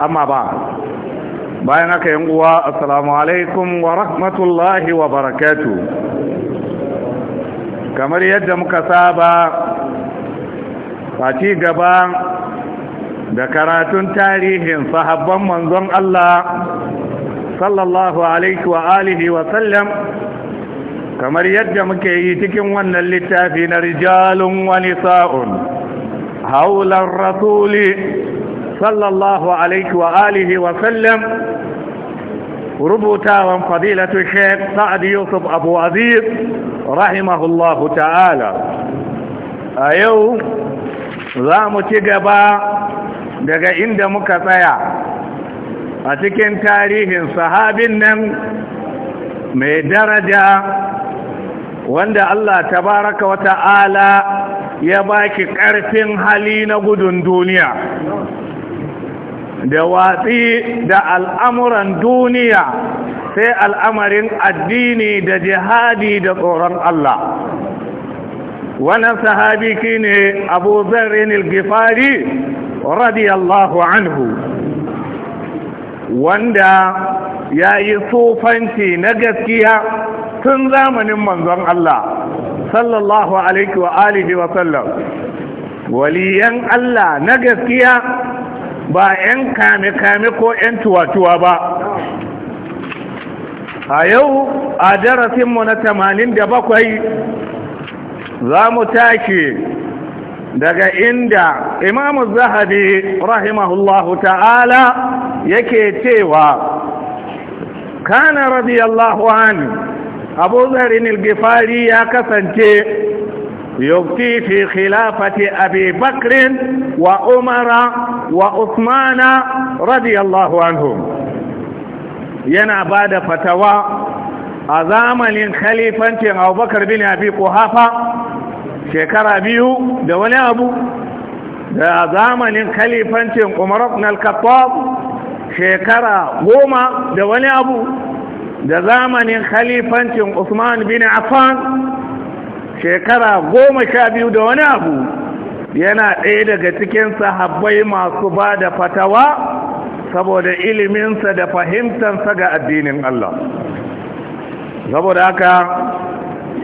amma ba bayan haka yin uwa assalamu alaikum wa rahmatullahi wa barakatu kamar yadda muka saba fati gaba da karatun tarihin sahabban manzon Allah sallallahu alaihi wa alihi wa sallam kamar yadda muke yi cikin wannan littafi na rijalun wani sa'un haular rasuli صلى الله عليه وآله وسلم ربوتا وفضيلة الشيخ سعد يوسف أبو عزيز رحمه الله تعالى أيو زام تقبا daga inda muka tsaya a cikin tarihin sahabin nan mai daraja wanda Allah tabaraka ya baki ƙarfin hali na gudun duniya da watsi da al'amuran duniya sai al'amarin addini da jihadi da tsoron Allah wannan sahabiki ne Abu Dharr al radiyallahu anhu wanda ya yi sufanci na gaskiya tun zamanin manzon Allah sallallahu alaihi wa alihi wa waliyan Allah na gaskiya ba 'yan kame-kame ko 'yan tuwa-tuwa ba a yau a darasinmu na tamanin da bakwai za mu tashi daga inda imamu zahabi rahimahullahu ta'ala yake cewa kana radiyallahu an abu zarin ilgifari ya kasance يبكي في خلافة أبي بكر وعمر وعثمان رضي الله عنهم ينا بعد فتوى أظام للخليفة أبو بكر بن أبي قحافة شكر أبيه دولي أبو da zamanin khalifancin umar ibn shekara goma da wani abu da zamanin khalifancin usman bin affan shekara goma sha biyu da wani abu yana ɗaya daga cikin sahabbai masu ba da fatawa saboda iliminsa da fahimtansa ga addinin Allah saboda haka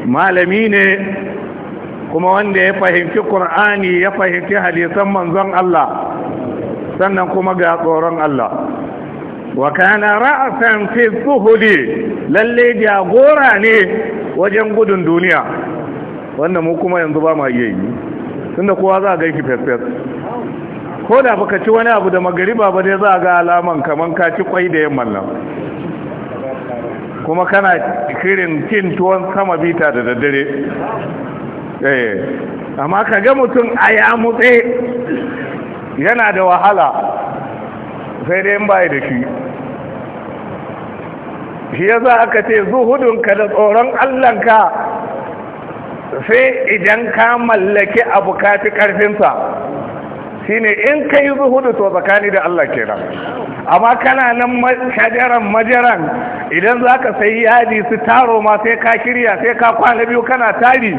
malami ne kuma wanda ya fahimci Kur'ani ya fahimci hadisan manzon Allah sannan kuma ga tsoron Allah wa kana ra'asan fi lalle jagora ne wajen gudun duniya Wannan mu kuma yanzu ba ma iya yi tunda kowa za a ganki fesfes ko da baka ci wani abu da magariba ba dai za a ga alaman kaman ka ci kwai da yamman nan kuma kana kirin cin tuwon sama bita da daddare eh amma ka ga mutum a ya mutse yana da wahala sai dai bai da shi shi ya za aka ce zuhudunka da tsoron allanka sai idan ka mallake abu ka fi ƙarfinsa shine in ka yi zuhudu to tsakani da Allah kenan amma kana nan shajaran majaran idan za ka sai yadi su taro ma sai ka kirya sai ka kwana biyu kana tari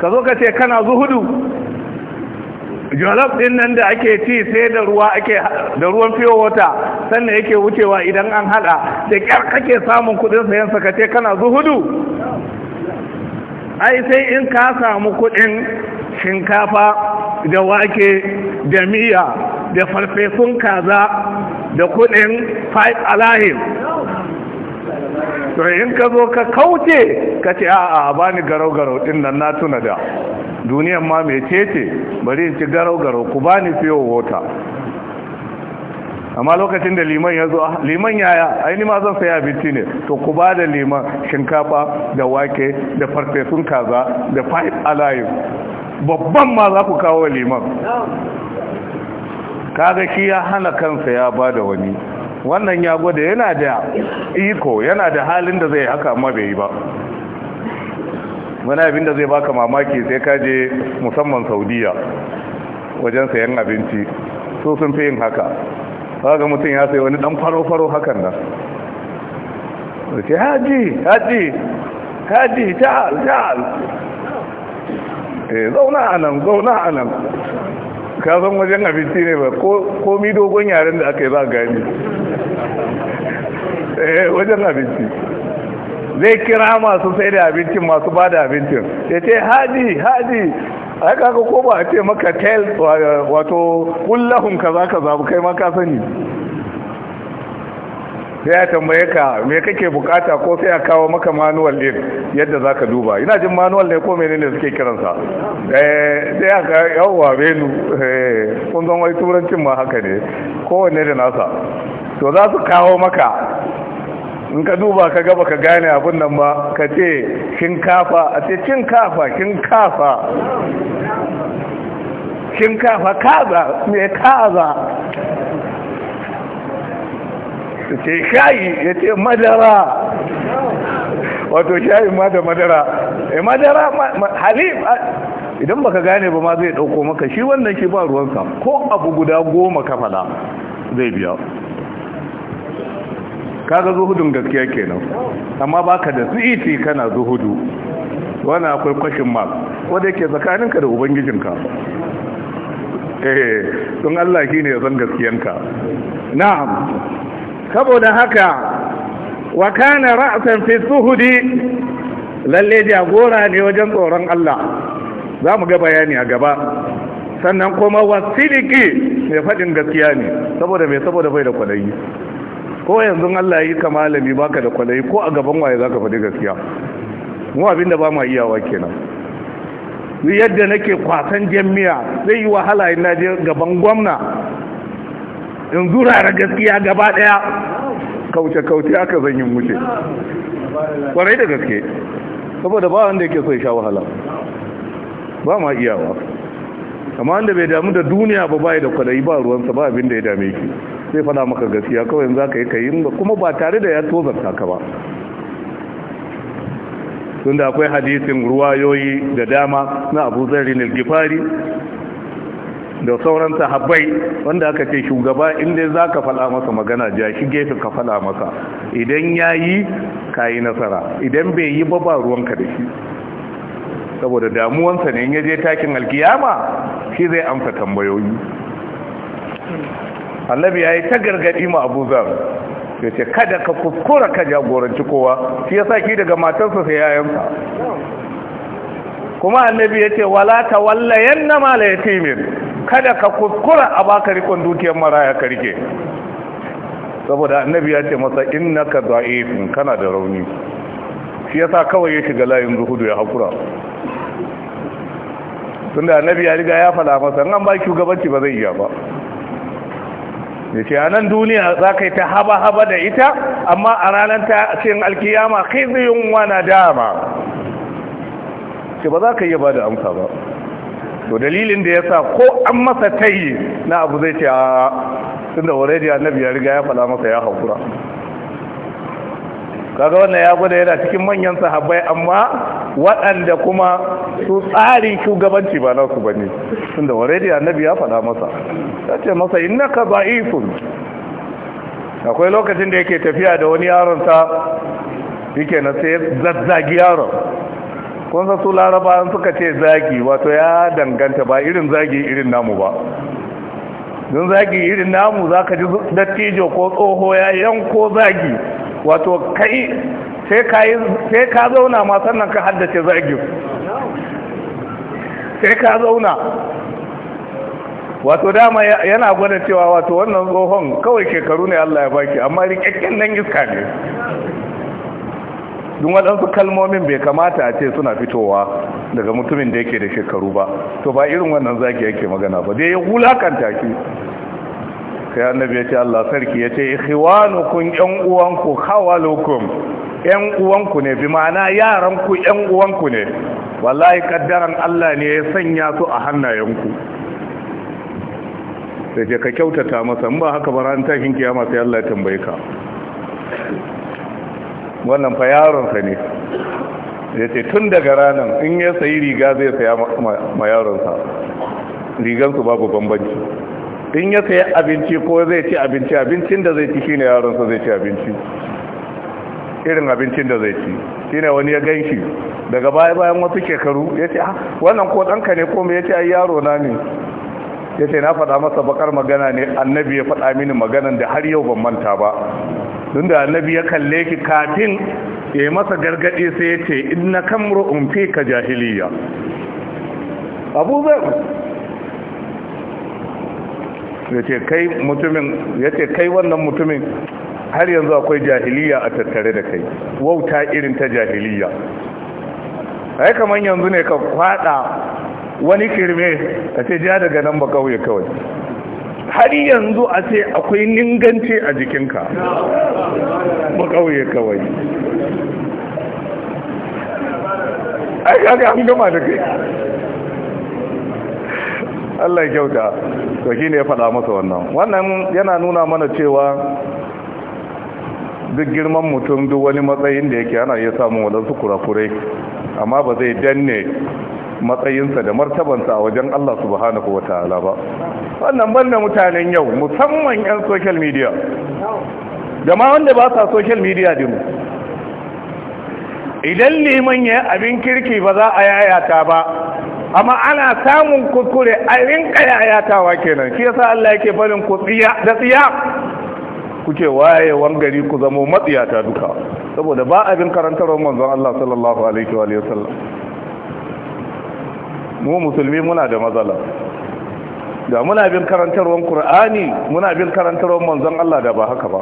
ka zo ka ce kana zuhudu jolof din nan da ake ci sai da ruwa ake da ruwan fiyo wata sannan yake wucewa idan an hada da kyar kake samun kudin sayan sakace kana zuhudu ai sai in ka samu kudin shinkafa da wake da miya da farfesun kaza da kudin five alahim to in ka zo ka kauce ka ce a'a ba ni garau-garau din nan na tuna da duniyan ma mai cece bari in ci garau-garau ku ba ni fiye wota amma lokacin da liman ya zo ah, liman yaya aini ma zan saya abinci ne to ku ba da liman shinkafa da wake da farfesun kaza da five alive babban ma za ku kawo liman kaga shi ya hana kansa ya ba da wani wannan ya gwada yana da iko yana da halin da zai haka amma bai yi ba wani abin da zai baka mamaki sai ka je musamman saudiya wajen sayan abinci so sun fi yin haka ga mutum ya sai wani dan faro-faro hakan na. Wace haji haji haji ta'al ta'al eh zauna a nan zauna a nan ka san wajen abinci ne ba ko mi dogon yaren da aka yi ba gani eh wajen abinci zai kira masu sai da abincin masu ba da abincin ya ce haji haji haka ka ko ba a ce maka tel wato kullahun kaza kaza kai ma ka sani sai ya tambaye ka me kake bukata ko sai ya kawo maka manual din yadda zaka duba ina jin manual ne ko menene suke kiransa eh sai ya ga yawa benu eh, kun zan wai turancin ma haka ne kowanne da nasa to za su kawo maka in ka duba ka gaba ka gane abin nan ba ka ce shinkafa a ce cinkafa shinkafa shinkafa kaza mai kaza ya ce shayi ya ce madara wato shayi ma da madara e madara halif idan baka gane ba ma zai dauko maka shi wannan shi ba ruwansa ko abu guda goma ka fada zai biya kaga zuhudun gaskiya kenan amma baka da tsiti kana zuhudu wannan akwai kwashin ma wanda yake tsakaninka da ubangijinka eh don Allah shine ya san gaskiyanka na'am saboda haka wa kana ra'san fi zuhudi lalle jagora ne wajen tsoron Allah za mu ga bayani a gaba sannan kuma wasiliki mai faɗin gaskiya ne saboda mai saboda bai da kwadayi ko yanzu Allah ya yi ka malami baka da kwalai ko a gaban waye zaka faɗi gaskiya mu abin da ba mu iyawa kenan ni yadda nake kwasan jami'a zai yi wahala ina je gaban gwamna in zurara gaskiya gaba daya kauce kauce aka zan yi wuce kwarai da gaske saboda ba wanda yake so ya sha wahala ba ma iyawa amma wanda bai damu da duniya ba bai da kwalai ba ruwansa ba abin da ya dame ki sai fada maka gaskiya kawai za ka yi ka yi kuma ba tare da ya tozarta ka ba tun da akwai hadisin ruwayoyi da dama na abu zarin ilgifari da sauran sahabbai wanda aka ce shugaba inda za ka fada masa magana ja shi gefe ka fada masa idan ya yi ka yi nasara idan bai yi ba ba ruwanka da shi saboda damuwansa ne in ya je takin alkiyama shi zai amsa tambayoyi annabi ya yi ta gargaɗi ma abu zar ya ce kada ka kuskura ka jagoranci kowa shi ya sa ki daga matansa sai yayansa kuma annabi ya ce wala ta wallayen na mala ya kada ka kuskura a baka rikon dukiyar maraya ka rike saboda annabi ya ce masa innaka da'ifin kana da rauni shi ya sa kawai ya shiga layin zuhudu ya hakura tunda annabi ya riga ya fada masa an ba shugabanci ba zai iya ba da ce a nan duniya za ka yi ta haba-haba da ita amma a ranar ta cin alkiyama kiziyun wana dama ce ba za ka yi ba da amsa ba to dalilin da ya sa ko an masa tayi na abu zai ce a tun da wuraidiyar na ya riga ya fala masa ya haƙura kaga wannan ya gwada yana cikin manyan sahabbai amma waɗanda kuma su tsarin shugabanci ba nasu ba ne tunda da annabi ya faɗa masa ya ce masa ka da'ifun akwai lokacin da yake tafiya da wani yaron sa yake na sai zazzagi yaron kun sa su laraba suka ce zagi wato ya danganta ba irin zagi irin namu ba don zagi irin namu za ka ji dattijo ko tsoho ya yanko zagi wato kai sai ka zauna ma sannan ka haddace zagi sai ka zauna wato dama yana gwada cewa wato wannan tsohon kawai shekaru ne Allah ya baki amma rikakken nan iska ne dun waɗansu kalmomin bai kamata a ce suna fitowa daga mutumin da yake da shekaru ba to ba irin wannan zaki yake magana ba dai ya wulakanta ki sai annabi ya ce Allah sarki ya ce ikhwanukum yan uwanku khawalukum yan uwanku ne bi ma'ana yaranku yan uwanku ne wallahi kaddaran Allah ne ya sanya su a hannayenku sai ka kyautata masa in ba haka ba ran takin kiyama sai Allah ya tambaye ka wannan fa yaronsa ne ya ce tun daga ranar in ya sayi riga zai saya ma yaronsa rigansu babu bambanci in ya sayi abinci ko zai ci abinci abincin da zai ci shi ne yaronsa zai ci abinci irin abincin da zai ci shi ne wani ya gan shi daga baya bayan wasu shekaru ya ce ah, wannan ko ɗanka ne ko ya ce ai yaro na ne ya ce na faɗa masa bakar magana ne annabi ya faɗa mini maganan da har yau ban manta ba don da annabi ya kalle ki kafin ya yi masa gargaɗi sai ya ce inna kamru umfi ka jahiliya abu zai ya ce kai wannan mutumin har yanzu akwai jahiliya a tattare da kai wauta irin ta jahiliya a kamar yanzu ne ka kwada wani kirme ka ce ja daga nan ba kauye kawai har yanzu a ce akwai ningance a jikinka ba kawai kawai ai kaga an gama da kai Allah kyauta to shine ya faɗa masa wannan wannan yana nuna mana cewa duk girman mutum duk wani matsayin da yake ana iya samun wadansu kurakurai amma ba zai danne matsayinsa da martabansa a wajen Allah subhanahu wa ta'ala ba wannan banda mutanen yau musamman 'yan social media Da ma wanda ba sa social media din idan liman ya abin kirki ba za a yayata ba amma ana samun kuskure a rinka yayatawa kenan shi yasa Allah yake barin ku tsiya da tsiya kuke waye wangari ku zamo matsiyata duka saboda ba abin karantar manzon Allah sallallahu alaihi wa sallam mu musulmi muna da matsala da muna bin karantarwar Kur'ani, muna bin karantarwar manzon Allah da ba haka ba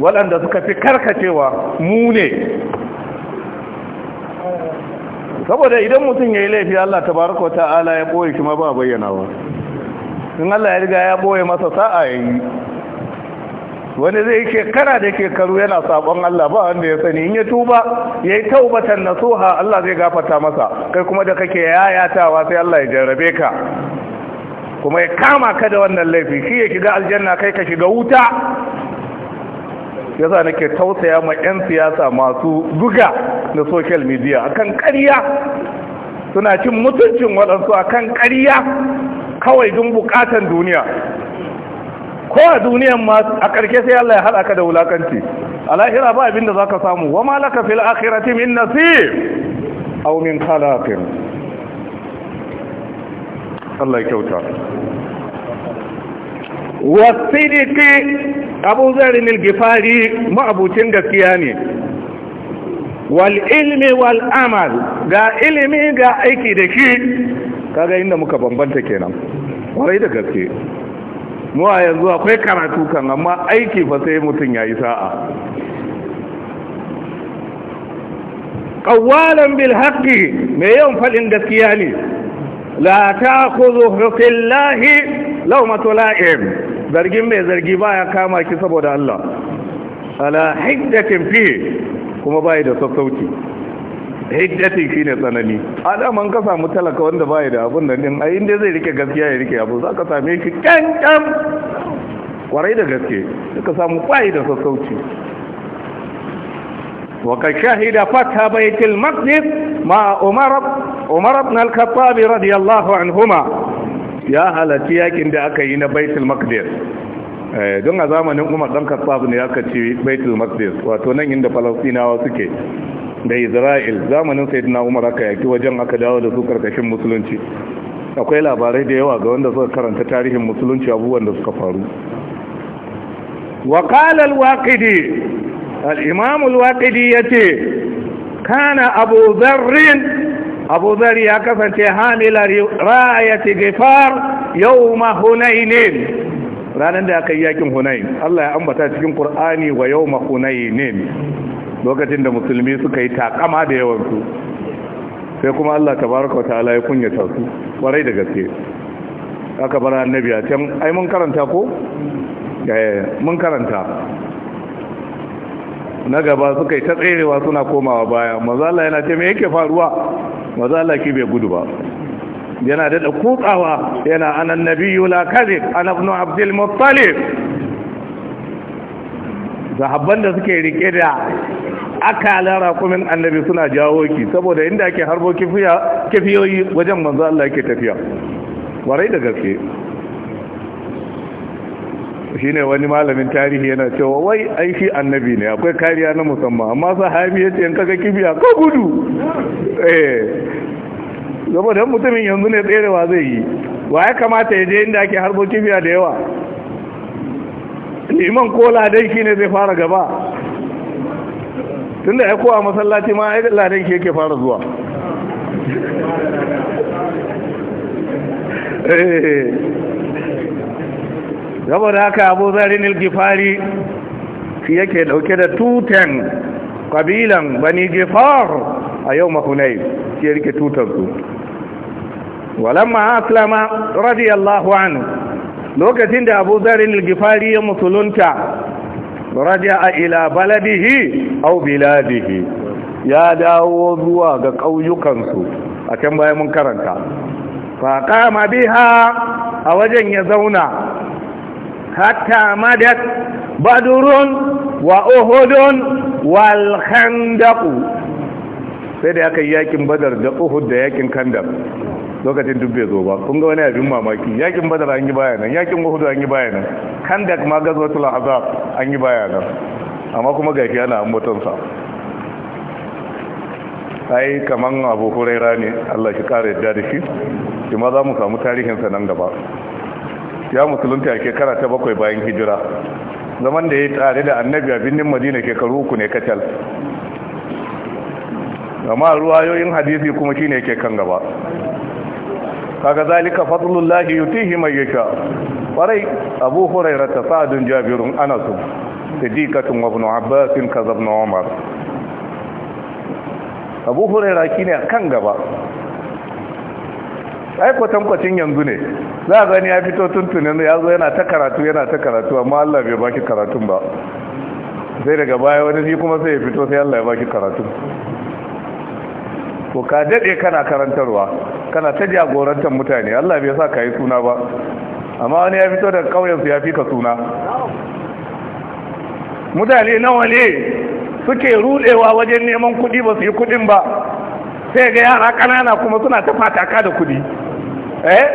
waɗanda suka fi karkacewa mu ne saboda idan mutum ya yi laifi Allah tabaraka wa ta'ala ya ɓoye shi ba bayyana ba in Allah ya riga ya ɓoye masa sa'a ya yi wani zai shekara da shekaru yana sabon Allah ba wanda ya sani in ya tuba ya yi taubatan nasuha Allah zai gafata masa kai kuma da kake yayatawa sai Allah ya jarrabe ka kuma ya kama ka da wannan laifi shi ya shiga aljanna kai ka shiga wuta yasa nake tausaya ma 'yan siyasa masu buga na social media akan ƙarya suna cin mutuncin waɗansu akan karya kawai don bukatan duniya ko a duniyan ma a ƙarshe sai Allah ya haɗa ka da wulakanci a lahira ba abin da za ka samu wa ma laka fil akhirati min nasib aw min khalaqin Allah ya kyauta wasidiki abu zarin al-gifari ma'abucin gaskiya ne wal ilmi wal amal ga ilimi ga aiki da shi kaga inda muka bambanta kenan kwarai da gaske mu a yanzu akwai karatu kan amma aiki fa sai mutum ya yi sa'a ƙawalan bil mai yawan faɗin gaskiya ne la ta kuzo fillahi laumatu la'im zargin mai zargi baya kama ki saboda Allah ala hiddatin fi kuma bai da sassauci shi ne tsanani A alaman ka samu talaka wanda baya da abun da din inda zai rike gaskiya ya rike abu Za ka same shi kyankyan kwarai da gaske suka samu kwayi da sassauci da شهد فتح بيت ma a عمر عمر بن الخطاب radiyallahu الله عنهما Ya halarci yakin da aka yi na Baitul Maqdis eh, don a zamanin Umar dan Khattab ne aka ci Baitul Maqdis wato nan inda Falastinawa suke da isra'il zamanin sayyidina umar aka yaki wajen aka dawo da su karkashin musulunci akwai labarai da yawa ga wanda suka karanta tarihin musulunci abubuwan da suka faru وقال الواقدي ya ce, يتي كان أبو ذر kasance hamilar يكفن حامل راية غفار يوم هنين ranar da aka yi yakin hunain Allah ya ambata cikin Kur'ani wa yawma hunainin lokacin da musulmi suka yi takama da yawansu sai kuma Allah tabaraka wa ta'ala ya kunyata su kwarai da gaske aka bar annabi a can ai mun karanta ko eh, mun karanta na gaba suka yi ta tserewa suna komawa baya mazala yana ce me yake faruwa mazala ki bai gudu ba yana daɗa kutsawa yana anan nabiyu la kadhib ana ibn abdul muttalib sahabban da suke rike da lara rakumin annabi suna jawo ki saboda inda ake harbo kifiyoyi wajen manzo Allah yake tafiya warai da gaske shine wani malamin tarihi yana cewa wai ai shi annabi ne akwai kariya na musamman amma sahabi yace in kaga kifiya ka gudu eh saboda mutumin yanzu ne tserewa zai yi wa ya kamata ya je inda ake harbo kifiya da yawa liman kola dai shine zai fara gaba Tun da ya kowa masallaci ma ya ladan ke yake fara zuwa eh. saboda haka abu zarin ilgifari shi yake dauke da tutan kabilan bani gifar a yau mahunai shi ya rike walamma aslama radiyallahu anhu lokacin da abu zarin ilgifari ya musulunta raja'a ila baladihi aw biladihi ya dawo zuwa ga ƙauyukansu, a can bayan mun karanta fa qama biha a wajen ya zauna hatta madat badurun wa uhudun wal khandaq sai da aka yi yakin badar da uhud da yakin kandar lokacin duk bai zo ba kun ga wani abin mamaki yakin badar an yi baya nan yakin uhud an yi baya nan kandak ma tula azab an yi baya nan amma kuma gafi ana ambaton sa ai kaman abu huraira ne Allah shi kare yadda da shi shi ma za mu samu tarihin sa nan gaba ya musulunta a shekara ta bakwai bayan hijira zaman da ya tare da annabi a birnin madina shekaru uku ne kacal amma ruwayoyin hadisi kuma shine yake kan gaba kaga zalika fadlullahi yutihi man yasha farai abu hurairah ta sa'dun jabirun anas sadiqatun wa ibn abbas kaza ibn umar abu hurairah kine kan gaba ai kwatankwacin yanzu ne za a gani ya fito tuntunin ya zo yana ta karatu yana ta karatu amma Allah bai baki karatun ba sai daga baya wani shi kuma sai ya fito sai Allah ya baki karatun to ka dade kana karantarwa kana ta jagorantar mutane Allah bai sa ka yi suna ba amma wani ya fito da kauyensu ya fi ka suna mutane nawa ne suke rudewa wajen neman kudi ba su yi kudin ba sai ga yara kanana kuma suna ta fataka da kudi eh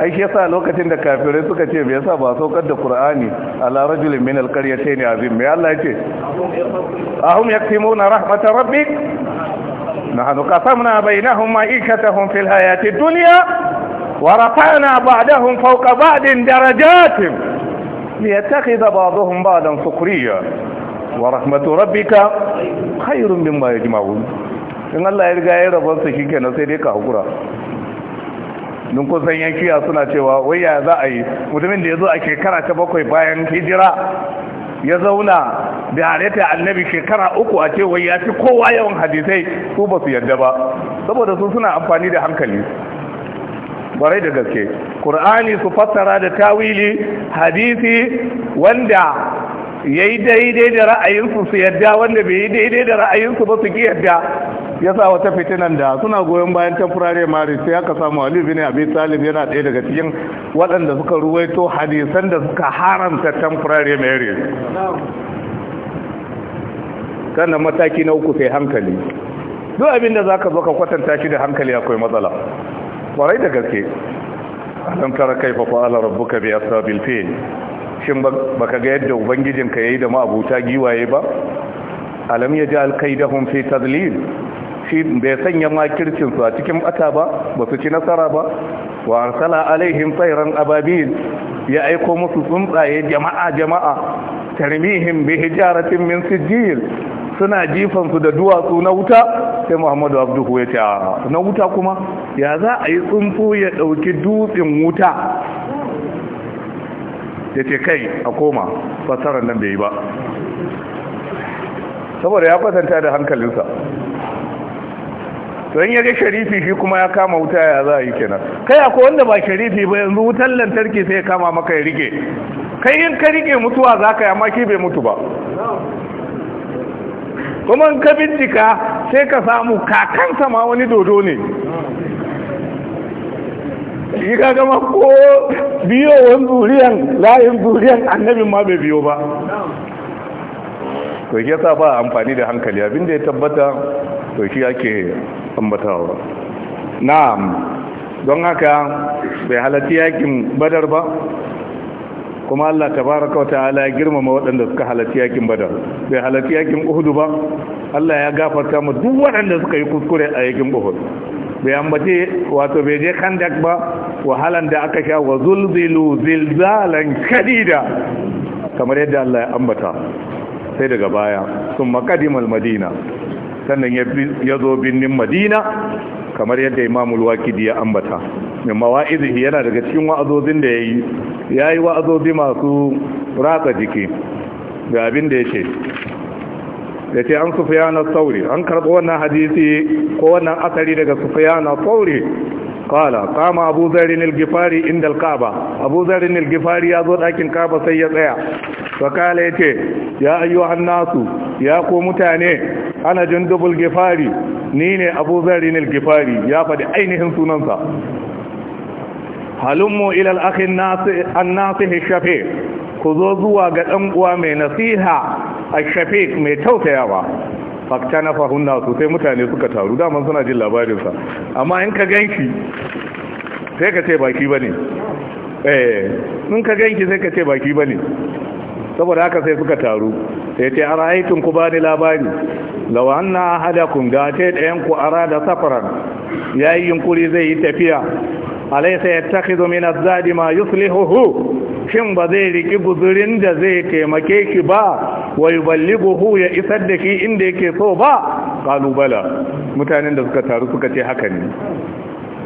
ai shi yasa lokacin da kafirai suka ce me yasa ba saukar da qur'ani ala rajulin min alqaryatayn azim me Allah yake ahum yaktimuna rahmatar rabbik نحن قسمنا بينهم معيشتهم في الحياة الدنيا ورفعنا بعدهم فوق بعض درجات ليتخذ بعضهم بعضا سخريا ورحمة ربك خير مما يجمعون إن الله يرجع إلى بس كي كنا سيدك أقولا نقول سيئا كي أصنع شوا ويا ذا أي مدمن ليزو أكي كرا تبقى بايان هجرا ya zauna da halatta annabi shekara uku a cewa ya fi kowa yawan hadisai su ba su yadda ba saboda su suna amfani da hankali barai da gaske ƙur'ani su fassara da tawili hadisi wanda ya yi daidai da ra'ayinsu su yadda wanda bai yi daidai da ra'ayinsu ba su ki yadda Ya sa wata fitinan da suna goyon bayan temporary marriage sai aka samu Ali bin Abi Talib yana ɗaya daga cikin waɗanda suka ruwaito hadisan da suka haramta temporary marriage kana mataki na uku sai hankali duk abin da zaka zo ka kwatanta shi da hankali akwai matsala kwarai da gaske alam tara kaifa qala rabbuka bi ashabil fil shin baka ga yadda ubangijinka yayi da abuta giwaye ba alam yaj'al kaidahum fi tadlil bai sanya makircinsu su a cikin bata ba ba su ci nasara ba wa arsala alaihim tsairan ababil ya aiko musu tsuntsaye jama'a jama'a tarmihim bi hijaratin min sijil suna jifan su da duwatsu na wuta sai Muhammadu Abduhu ya ce na wuta kuma ya za a yi tsuntsu ya dauki dutsin wuta ya ce kai a koma fasarar nan bai yi ba saboda ya kwatanta da hankalinsa to ya ga sharifi shi kuma ya kama wuta ya za a yi kenan kai akwai wanda ba sharifi ba yanzu wutar lantarki sai ya kama maka ya rike kai in ka rike mutuwa za ka yi amma shi bai mutu ba kuma ka bincika sai ka samu kakansa ma wani dodo ne yi ka gama ko biyowan zuriyan layin zuriyan annabin ma bai biyo ba to yasa ba amfani da hankali abin da ya tabbata to shi ake ambatawa na'am don haka bai halarci yakin badar ba kuma Allah tabaraka wa ta'ala ya girmama waɗanda suka halarci yakin badar bai halarci yakin uhudu ba Allah ya gafarta mu duk waɗanda suka yi kuskure a yakin uhud bai ambace wato bai je kandak ba wahalan da aka sha wa zulzilu zilzalan kadida kamar yadda Allah ya ambata sai daga baya sun makadimal madina sannan ya zo birnin madina kamar yadda imamul wakidi ya ambata mai mawa'izi yana daga cikin wa'azozin da ya yi ya yi wa'azozi masu ratsa jiki ga abin da ya ce da ce an na sauri an karɓi wannan hadisi ko wannan asali daga na sauri kala kama abu zarin ilgifari inda alkaba abu zarin ilgifari ya zo ɗakin kaba sai ya tsaya fakala ya ce ya ayyuhan nasu ya ko mutane ana dubul gifari ni ne abu zarin al-gifari ya faɗi ainihin sunansa halummu ilal an nasihi shafi ku zo zuwa ga ɗan'uwa mai nasiha a shafi mai tausayawa fakta na fahun nasu sai mutane suka taru daman suna jin labarinsa amma in ka ganki sai ka ce baki ba ne eh in ka ganki sai ka ce baki ba ne saboda haka sai suka taru sai ce a ra'aitun ku ba ni labari lawa an na hadakun da ce ɗayan ku ara da safarar ya yi yunkuri zai yi tafiya alaisa ya taki domin zadi ma huhu. shin ba zai riki guzurin da zai taimake ki ba wai ballighuhu ya isar da ki inda yake so ba kalubala mutanen da suka taru suka ce haka ne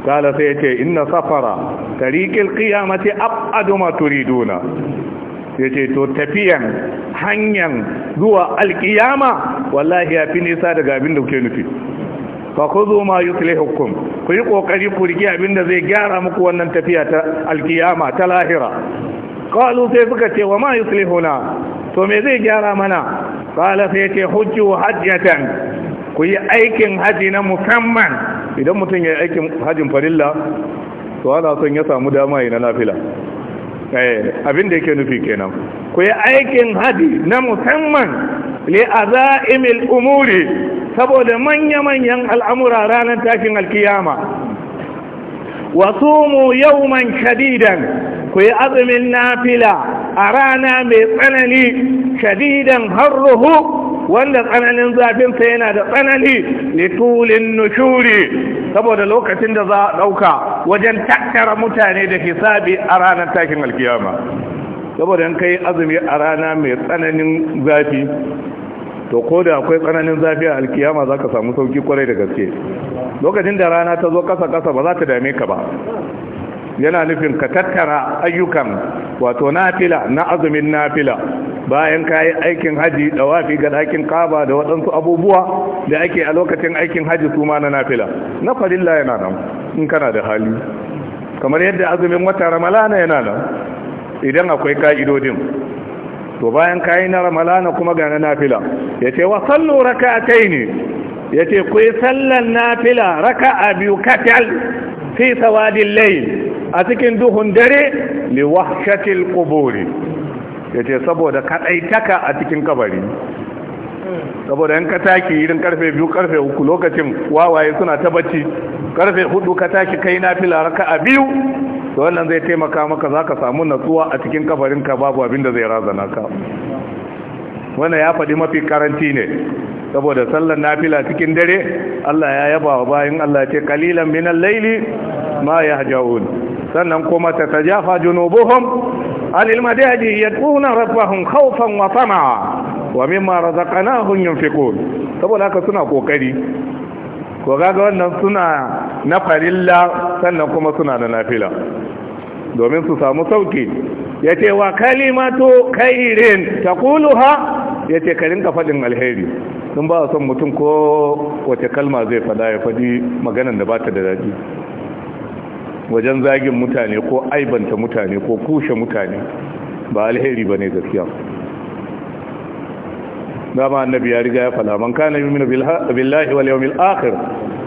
kala sai ce inna safara tariqil qiyamati abadu ma turiduna ya ce to tafiyan hanyar zuwa alkiyama wallahi ya fi nisa daga abin da kuke nufi fa ku zo ma hukum. ku yi kokari ku riki abin da zai gyara muku wannan tafiya ta alkiyama ta lahira Kalu sai suka ce wa ma huna. to me zai gyara mana qala sai ya ce hujju hajjatan ku yi aikin haji na musamman idan mutum ya yi aikin hajin farilla to ana son ya samu dama yi na nafila Eh, abin da yake nufi kenan ku yi aikin hadi na musamman li imil umuri saboda manya-manyan al'amura ranar tashin alkiyama wasu mu man shadidan ku yi azumin nafila a rana mai tsanani shadidan ruhu, wanda tsananin zafinsa yana da tsanani litulin nushuri saboda lokacin da za a ɗauka wajen tattara mutane da hisabi a ranar takin alkiyama saboda in kai azumi a rana mai tsananin zafi to ko da akwai tsananin zafi a alkiyama za ka samu sauki kwarai da gaske lokacin da rana ta zo kasa-kasa ba za ta dame ka ba yana nufin ka tattara ayyukan wato nafila na azumin nafila bayan ka yi aikin haji da wafi ga ɗakin kaba da waɗansu abubuwa da ake a lokacin aikin haji su na nafila na farilla yana nan in kana da hali kamar yadda azumin wata ramalana yana nan idan akwai ka'idodin to bayan ka yi na ramalana kuma ga na nafila ya ce wa sallu raka'atai ne ya ce ku yi sallan nafila raka a biyu katal fi sawadin layin a cikin duhun dare li wahshatil quburi yace saboda kadaitaka a cikin kabari saboda in ka taki irin karfe biyu karfe uku lokacin wawaye suna ta bacci karfe hudu ka taki kai na fila a biyu to wannan zai taimaka maka zaka samu natsuwa a cikin kabarin ka babu abin da zai razana ka wannan ya faɗi mafi karanti ne saboda sallar nafila cikin dare Allah ya yaba wa bayan Allah ce kalilan minan laili ma yahjaun sannan kuma ta tajafa junubuhum anil madadi yad'una rabbahum khawfan wa tama'a wa mimma razaqnahum yunfiqun saboda haka suna kokari ko kaga wannan suna na farilla sannan kuma suna na nafila domin su samu sauki yace wa kalimatu khairin taquluha ya ce ka faɗin alheri sun ba son mutum ko wace kalma zai fada ya faɗi maganan da ba ta da daji wajen zagin mutane ko aibanta mutane ko kushe mutane ba alheri ba ne gaskiya dama annabi ya riga ya fada man kana yuminu billahi wal yawmil akhir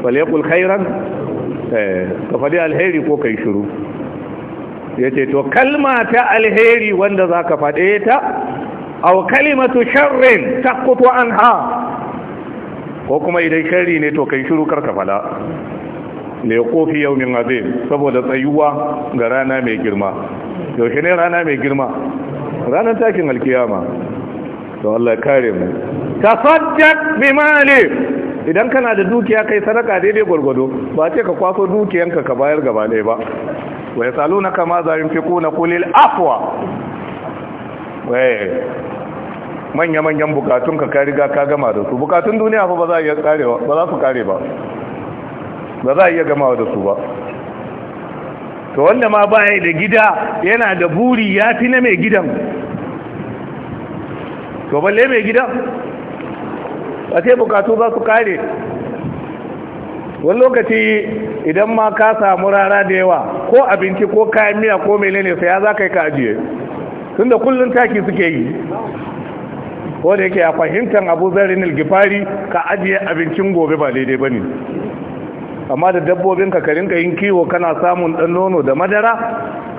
falyaqul khairan eh, ka faɗi alheri ko kai shiru ce to kalma ta alheri wanda za ka faɗe ta aw kalimatu sharrin taqutu anha ko kuma idan sharri ne to kai shiru karka fada ne kofi yaumin azim saboda tsayuwa ga rana mai girma yaushe ne rana mai girma ranar takin alkiyama to Allah kare mu tasaddaq bimali idan kana da dukiya kai sadaka daidai gwargwado ba ce ka kwaso dukiyanka ka bayar gaba ɗaya ba wa yasalunaka ma za yunfiquna qulil afwa Eh. manya-manyan bukatun ka kari ga ka gama da su bukatun duniya fa ba za iya karewa ba za su kare ba ba za a iya gamawa da su ba to wanda ma baya da gida yana da buri ya fi na mai gidan to balle mai gidan a ce bukatu za su kare wani lokaci idan ma ka samu rara da yawa ko abinci ko kayan miya ko lene sai ya za ka yi ka ajiye tun da kullum taki suke yi wadda yake a fahimtar abu zarin ilgifari ka ajiye abincin gobe ba daidai ba ne amma da dabbobin ka rinka yin kiwo kana samun dan nono da madara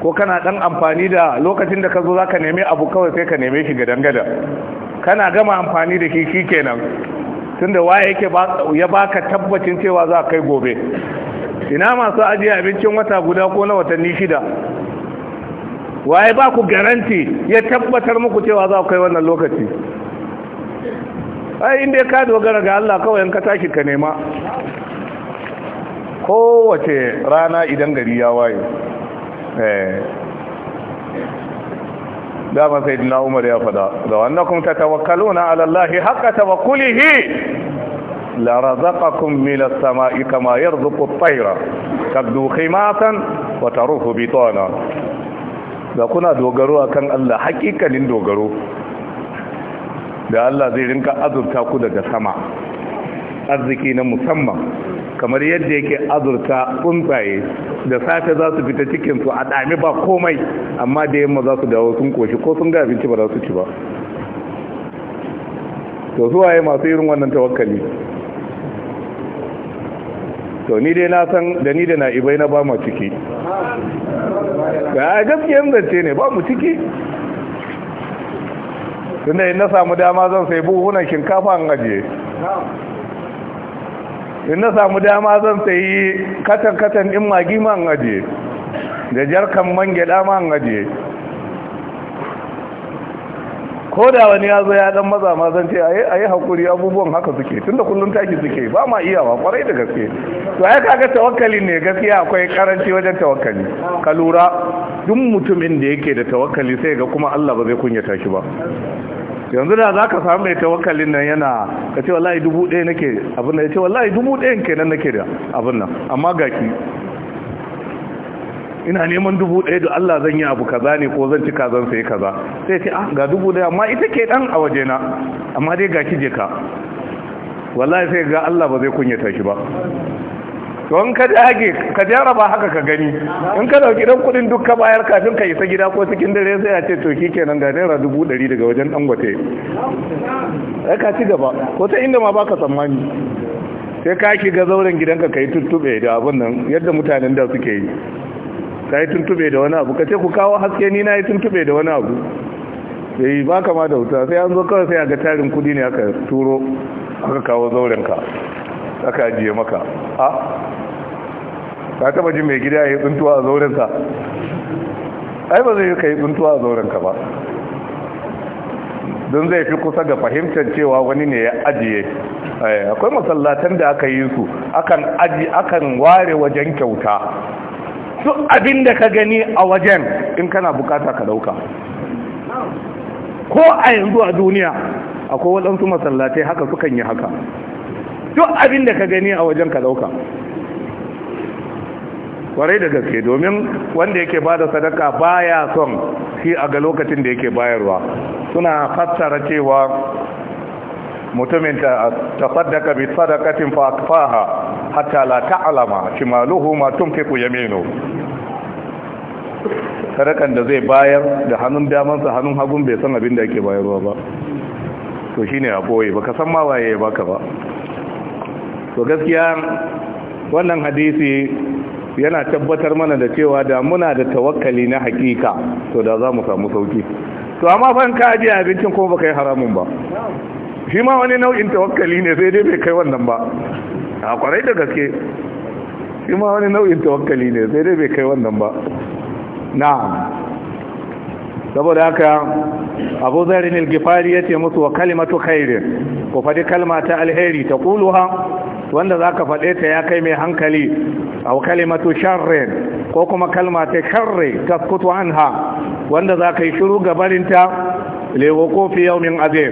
ko kana dan amfani da lokacin da ka zo za ka neme abu kawai sai ka neme shi gadangada. dangada kana gama amfani da shi tun tunda waye yake ya baka tabbacin cewa za kai gobe ina masu ajiye abincin wata guda ko na watanni shida waye ba ku garanti ya tabbatar muku cewa za ku kai wannan lokaci ai inda ka dogara ga Allah kawai ka tashi ka nema kowace rana idan gari ya waye eh dama Umar ya fada da wannakum tatawakkaluna ala Allah haqqa tawakkulihi la razaqakum min as-sama'i kama yarzuqu at-tayra tabdu khimatan wa taruhu bitana da kuna dogaro a kan Allah hakikalin dogaro da Allah zai rinka azurta ku daga sama arziki na musamman kamar yadda yake azurta tsuntsaye da safe za su fita cikinsu a dami ba komai amma da yamma za su dawo sun koshi ko sun ga abinci ba za su ci ba to zuwa yi masu irin wannan tawakkali to ni dai na san da ni da na ibai na ba ma ciki ga gaskiyar zance ne ba mu ciki tunda in na samu dama zan sai buhunan shinkafa an ajiye in na samu dama zan sai katan-katan in magi ma an ajiye da jarkan man ma an ajiye ko da wani ya zo ya dan maza ma zan ce a yi hakuri abubuwan haka suke tunda kullum taki suke ba ma iyawa kwarai da gaske to ya kaga tawakkali ne gaskiya akwai karanci wajen tawakkali ka lura duk mutumin da yake da tawakkali sai ga kuma Allah ba zai kunyata shi ba yanzu da za ka samu mai tawakkalin nan yana ka ce wallahi dubu 1 nake abin nan ya ce wallahi dubu 1 kenan nake da abin nan amma ga ina neman dubu ɗaya da Allah zan yi abu kaza ne ko zan ci kazan sai kaza sai ce ah ga dubu ɗaya amma ita ke ɗan a wajena amma dai ga kije ka wallahi sai ga Allah ba zai kunyata shi ba don ka dage ka jara ba haka ka gani in ka dauki dan kudin duk ka bayar kafin ka isa gida ko cikin dare sai a ce to kenan ga naira dubu ɗari daga wajen dangote sai ka ci gaba ko ta inda ma baka tsammani sai ka shiga zauren gidanka ka yi tuttuɓe da abin nan yadda mutanen da suke yi ka yi tuntube da wani abu ka ce ku kawo haske ni na yi tuntube da wani abu sai eh, ba kama da wuta sai an zo kawai sai a ga tarin kudi ne aka turo aka kawo zaurenka aka ajiye maka a ka taba jin mai gida ya yi tuntuwa a zaurensa ai ba zai yi ka yi tuntuwa a zaurenka ba don zai fi kusa ga fahimtar cewa wani ne ya ajiye eh, akwai masallatan da aka yi su akan aji akan ware wajen kyauta duk abin da ka gani a wajen in kana bukata ka dauka ko a yanzu a duniya akwai waɗansu masallatai haka sukan yi haka duk abin da ka gani a wajen ka dauka kwarai da gaske domin wanda yake ba da sadaka baya son shi a ga lokacin da yake bayarwa suna fassara cewa mutumin ta tsaddaka bi sadaqatin fa akfaha hatta la ta'lama shimaluhu ma tunfiqu yaminu sadakan da zai bayar da hannun sa hannun hagun bai san abin da yake bayarwa ba to shine a boye baka san ma waye baka ba to gaskiya wannan hadisi yana tabbatar mana da cewa da muna da tawakkali na hakika to da za mu samu sauki to amma ban ka ajiye abincin kuma baka yi haramun ba shi ma wani nau'in tawakkali ne sai dai bai kai wannan ba a kwarai da gaske shi ma wani nau'in tawakkali ne sai dai bai kai wannan ba Na saboda haka abu zarin ilgifari ya ce musu wa kalimatu kairi, ku faɗi kalma ta alheri ta kuluha wanda za ka faɗe ta ya kai mai hankali a kalimatu sharrin ko kuma kalma ta sharri ta an anha wanda za ka yi shiru gabarinta lewo kofi yau min azir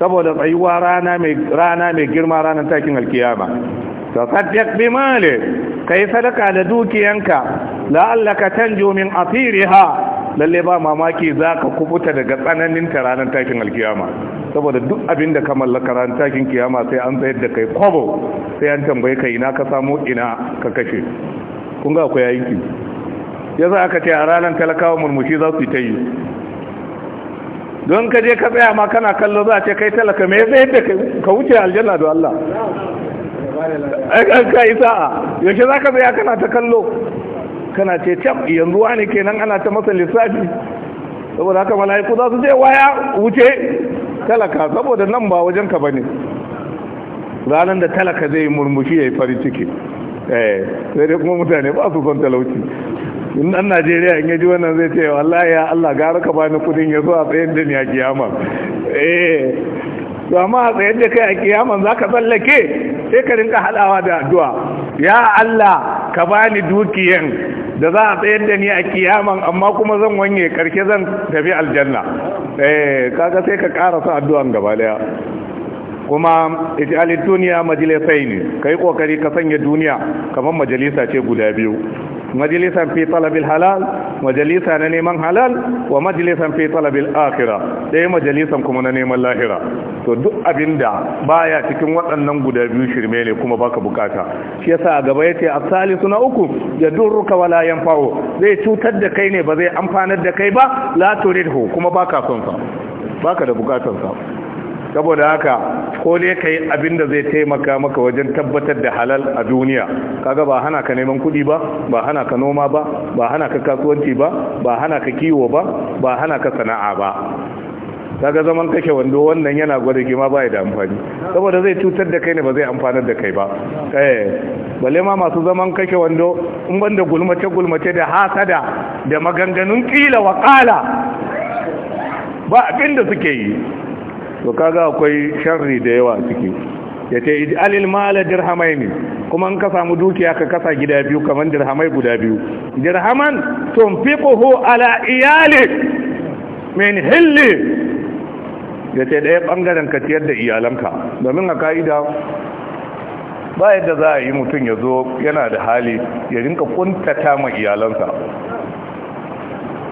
saboda tsayuwa rana mai girma ranar takin alkiyama ta saddaq bi ka yi sadaka da dukiyanka la'allaka tanju min asiriha lalle ba mamaki za ka kubuta daga tsananin ta ranar takin alkiyama saboda duk abin da ka mallaka ranar takin kiyama sai an tsayar da kai kwabo sai an tambaye ka ina ka samu ina ka kashe kun ga akwai aiki yasa aka ce a ranar talakawa murmushi za su yi ta yi don ka je ka tsaya ma kana kallo za a ce kai talaka me zai yadda ka wuce aljanna da Allah an ka isa a yaushe za ka tsaya kana ta kallo kana ce can yanzu wani kenan ana ta masa lissafi saboda haka mala'iku za su je waya wuce talaka saboda nan ba wajen ka bane ranar da talaka zai murmushi ya yi farin ciki eh, sai dai kuma mutane ba su son talauci in dan najeriya in yaji wannan zai ce wallahi ya allah gara ka bani kudin ya zo a tsayin da ni a kiyama eh to amma a tsayin da kai a kiyama za ka tsallake sai ka rinka haɗawa da addu'a ya allah ka bani dukiyan da za a tsayar da ni a kiyaman amma kuma zan wanye karshe zan tafi aljanna eh kaga sai ka karasa addu'an gaba daya kuma ijali duniya majalisaini kai kokari ka sanya duniya kamar majalisa ce guda biyu majalisan fi talabil halal majalisa na neman halal wa majalisan fi talabil akhira dai majalisan kuma na neman lahira to duk abinda baya cikin waɗannan guda biyu shirme ne kuma baka bukata shi yasa a gaba yace salisu na uku ya durruka wala yanfa'u zai cutar da kai ne ba zai amfanar da kai ba la turidhu kuma baka son sa baka da bukatar sa saboda haka ko dai kai abinda zai taimaka maka wajen tabbatar da halal a duniya kaga ba hana ka neman kuɗi ba ba hana ka noma ba ba hana ka kasuwanci ba ba hana ka kiwo ba ba hana ka sana'a ba kaga zaman kake wando wannan yana gwada gima ba da amfani saboda zai cutar da kai ne ba zai amfanar da kai ba eh balle ma masu zaman kake wando in banda gulmace gulmace da hasada da maganganun kila wa kala ba abin suke yi to kaga akwai sharri da yawa ciki yace ce ij'alil mala dirhamaini kuma in ka samu dukiya ka kasa gida biyu kamar dirhamai guda biyu dirhaman tunfiquhu ala iyali min hilli ya ce ɗaya bangaren ka ciyar da iyalanka domin a ka'ida ba yadda za a yi mutum ya zo yana da hali ya rinka kuntata ma iyalansa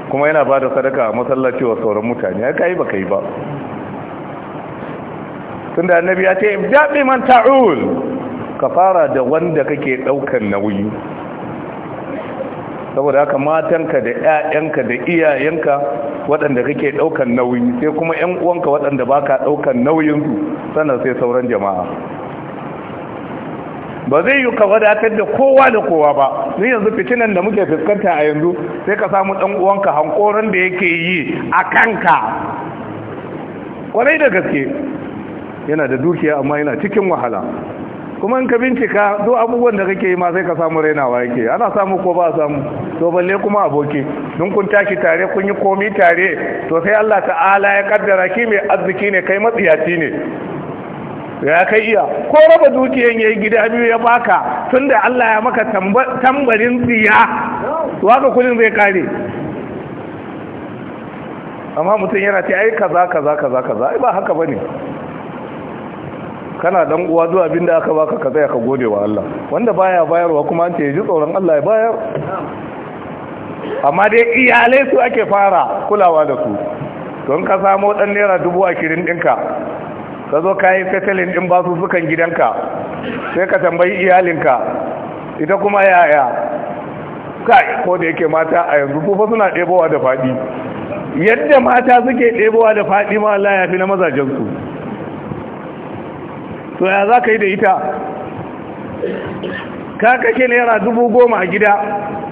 kuma yana ba da sadaka a masallaci wa sauran mutane ya kai ba kai ba tunda annabi ya ce ibda'i man ta'ul ka fara da wanda kake daukan nauyi saboda haka matanka da ƴaƴanka da iyayenka waɗanda kake daukan nauyi sai kuma ƴan uwanka waɗanda baka daukan nauyin su sannan sai sauran jama'a ba zai yi ka wadatar da kowa da kowa ba ni yanzu fitinan da muke fuskanta a yanzu sai ka samu ɗan uwanka hankoron da yake yi a kanka kwarai da gaske yana da dukiya amma yana cikin wahala kuma in ka bincika duk abubuwan da kake yi ma sai ka samu rainawa yake ana samu ko ba samu to balle kuma aboki don kun tashi tare kun yi komi tare to sai Allah ta'ala ya kaddara ki mai arziki ne kai matsiyaci ne ya kai iya ko raba dukiyan yayi gida biyu ya baka tunda Allah ya maka tambarin tsiya waka kulin zai kare amma mutum yana ce ai kaza kaza kaza kaza ai ba haka bane kana dan uwa zuwa abin da aka baka ka tsaya ka gode wa Allah wanda baya bayarwa kuma an ce ya ji tsoron Allah ya bayar amma dai iyalai su ake fara kulawa da su don ka samu dan naira dubu ashirin ɗinka ka zo ka yi fetalin ɗin basu sukan gidanka sai ka tambayi iyalinka ita kuma yaya kai ko da yake mata a yanzu kufa suna ɗebowa da faɗi yadda mata suke ɗebowa da faɗi ma Allah ya fi na mazajensu to ya za ka yi da ita ka kashe naira dubu goma a gida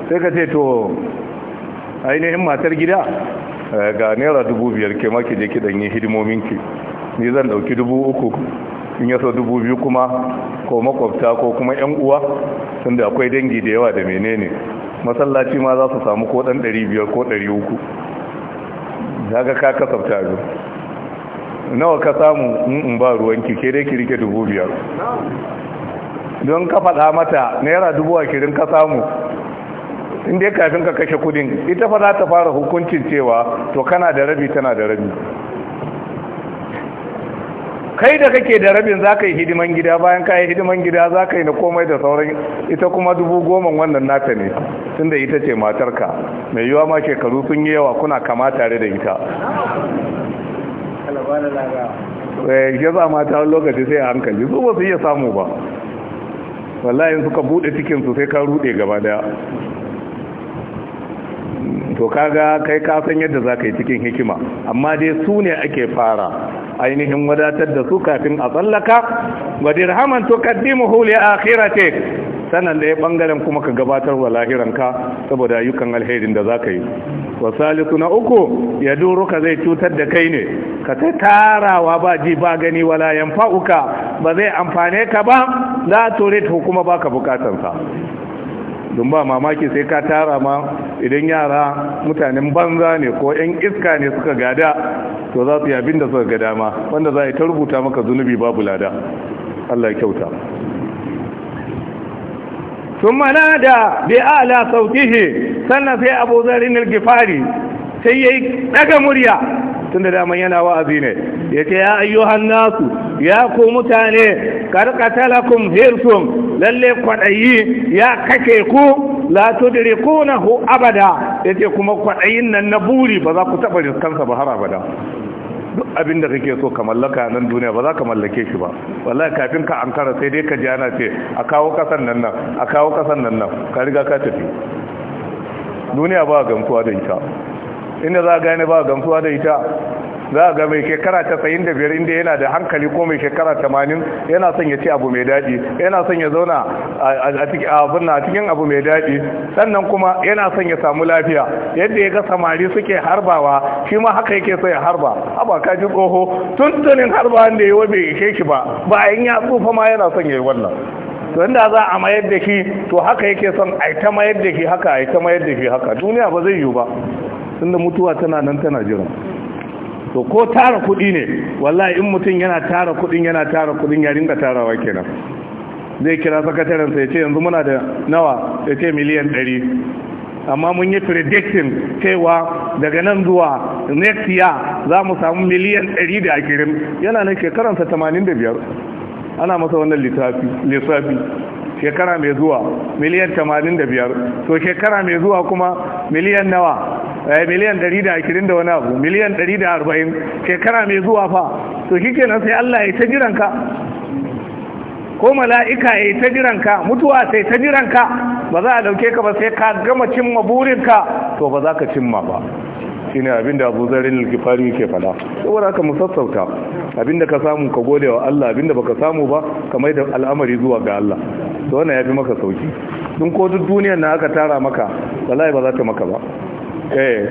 sai ka ce to ainihin matar gida eh, ga naira dubu biyar ke maki je ki danyi hidimominki ni zan dauki dubu uku in yaso dubu biyu kuma ko makwabta ko kuma yan uwa tunda akwai dangi da yawa da menene masallaci ma za su samu ko dan 500 ko 300 daga ka kasafta biyu nawa ka samu in mm, mm, ba ruwanki ke dai ki dubu biyar don ka faɗa mata naira dubu a kirin ka samu inda ya kafin ka kashe kudin ita fa za ta fara hukuncin cewa to kana da rabi tana da rabi kai da kake da rabin za ka yi hidiman gida bayan ka yi hidiman gida za ka yi na komai da sauran ita kuma dubu goma wannan nata ne tun da ita ce matarka mai yiwa ma shekaru sun yi yawa kuna kama tare da ita wai ya za mata lokaci sai a hankali su ba su iya samu ba wallahi suka bude cikin su sai ka rude gaba daya to kaga kai ka san yadda za ka yi cikin hikima amma dai su ne ake fara ainihin wadatar da su kafin a tsallaka wa dirhaman a akhira ce, sanan da ya bangaren kuma ka gabatar wa lahiranka saboda ayyukan alherin da za ka yi wa na uku ya ka zai cutar da kai ne ka ta tarawa ba ji ba gani wala fa'uka ba zai amfane ka ba za ta hukuma kuma baka bukatansa don ba mamaki sai ka tara ma idan yara mutanen banza ne ko yan iska ne suka gada to za su yi abin da suka gada ma wanda za a yi ta rubuta maka zunubi babu lada Allah kyauta da نادى بأعلى صوته سنة في أبو ذر الغفاري سيئك دقى مريا tunda daman yana wa'azi ne ya ce ya ayyuhan hannasu ya ku mutane talakun hirtum lalle kwaɗayi ya kake ku la tudrikunahu abada ya ce kuma kwaɗayin nan na buri ba za ku taɓa riskansa ba har abada duk abin da kake so ka mallaka nan duniya ba za ka mallake shi ba wallahi kafin ka ankara sai dai ka ji ana ce a kawo kasan nan nan a kawo kasan nan nan ka riga ka tafi duniya ba gamsuwa da ita inda za gane ba gamsuwa da ita za a ga mai shekara casa'in da biyar inda yana da hankali ko mai shekara tamanin yana son ya ci abu mai daɗi yana son ya zauna a cikin abu mai daɗi sannan kuma yana son ya samu lafiya yadda ya ga samari suke harbawa shi ma haka yake so ya harba haba ka ji tsoho tuntunin harba da yawa bai ishe shi ba bayan ya tsufa ma yana son ya yi wannan wanda za a mayar da shi to haka yake son a ta mayar da shi haka a ta mayar da shi haka duniya ba zai yiwu ba tunda mutuwa tana nan tana jira to ko tara kuɗi ne wallahi in mutum yana tara kuɗin yana tara kuɗin ya ringa tarawa kenan zai kira sakatarensa ya ce yanzu muna da nawa ya ce miliyan ɗari amma mun yi prediction cewa daga nan zuwa next year za mu samu miliyan ɗari da akirin yana nan shekaransa biyar. ana masa wannan lissafi shekara mai zuwa miliyan 85 to shekara mai zuwa kuma miliyan nawa eh miliyan 120 da wani abu miliyan 140 shekara mai zuwa fa to nan sai Allah ya ta jiranka ko mala'ika ya ta jiranka mutuwa sai ta jiranka ba za a dauke ka ba sai ka gama cimma burinka to ba za ka cimma ba shi ne abin da abu zarin alkifari ke fada saboda ka musassauta Abin da ka samu ka gode wa Allah abin abinda baka samu ba ka mai da al'amari zuwa ga Allah to wannan yafi maka sauki dun ko duk duniyar na aka tara maka wallahi ba za ta maka ba eh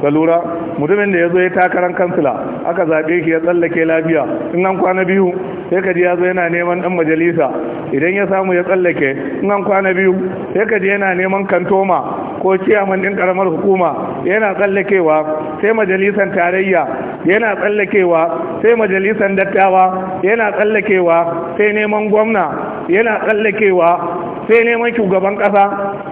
ka lura mutumin da ya zo ya takarar kansila aka zaɓe shi ya tsallake lafiya in an kwana biyu sai ka ji ya zo yana neman ɗan majalisa idan ya samu ya tsallake in an kwana biyu sai ka ji yana neman kantoma ko ciyaman ɗin ƙaramar hukuma yana tsallakewa sai majalisan tarayya yana tsallakewa sai majalisan dattawa yana tsallakewa sai neman gwamna yana tsallakewa sai neman shugaban ƙasa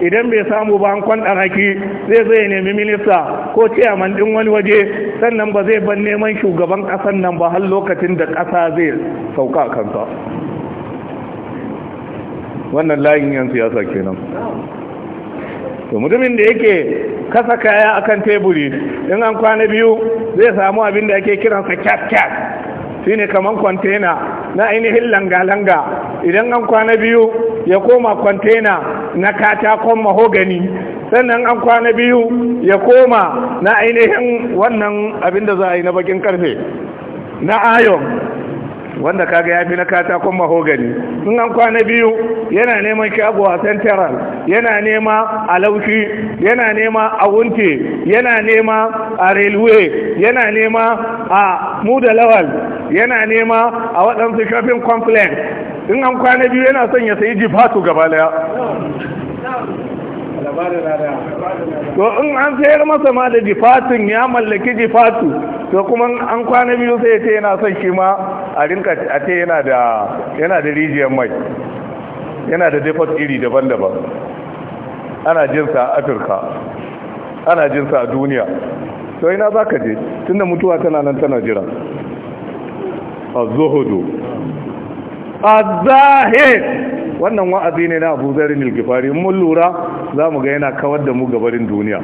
idan bai samu ba an kwanɗa raki zai zai nemi minista ko ciyaman din wani waje sannan ba zai ban neman shugaban ƙasan nan ba har lokacin da ƙasa zai sauka kansa wannan layin yan siyasa kenan to mutumin da yake kasa kaya akan teburi in an kwana biyu zai samu abin da ake kiransa cat cat shine kamar kwantena na ainihin langa-langa idan an kwana biyu ya koma kwantena na katakon mahogani sannan an kwana biyu ya koma na ainihin wannan abin da za a yi na bakin karfe na ayon wanda kaga ya fi na katakon mahogani in an kwana biyu yana neman shago a central yana nema a laushi yana nema a wunte yana nema a railway yana nema a muda lawal yana nema a waɗansu shafin complain in an kwana biyu yana son ya sayi jifatu gaba daya to in an sayar masa ma da jifatun ya mallaki jifatu to kuma an kwana biyu sai ce yana son shi ma a rinka a ce yana da rijiyar mai yana da default iri daban-daban ana jinsa a afirka ana jinsa a duniya to ina za ka je tunda mutuwa tana nan tana jira الزهد الزاهد wannan wa'azi ne na Abu Dharr al mun lura zamu ga yana kawar da mu gabarin duniya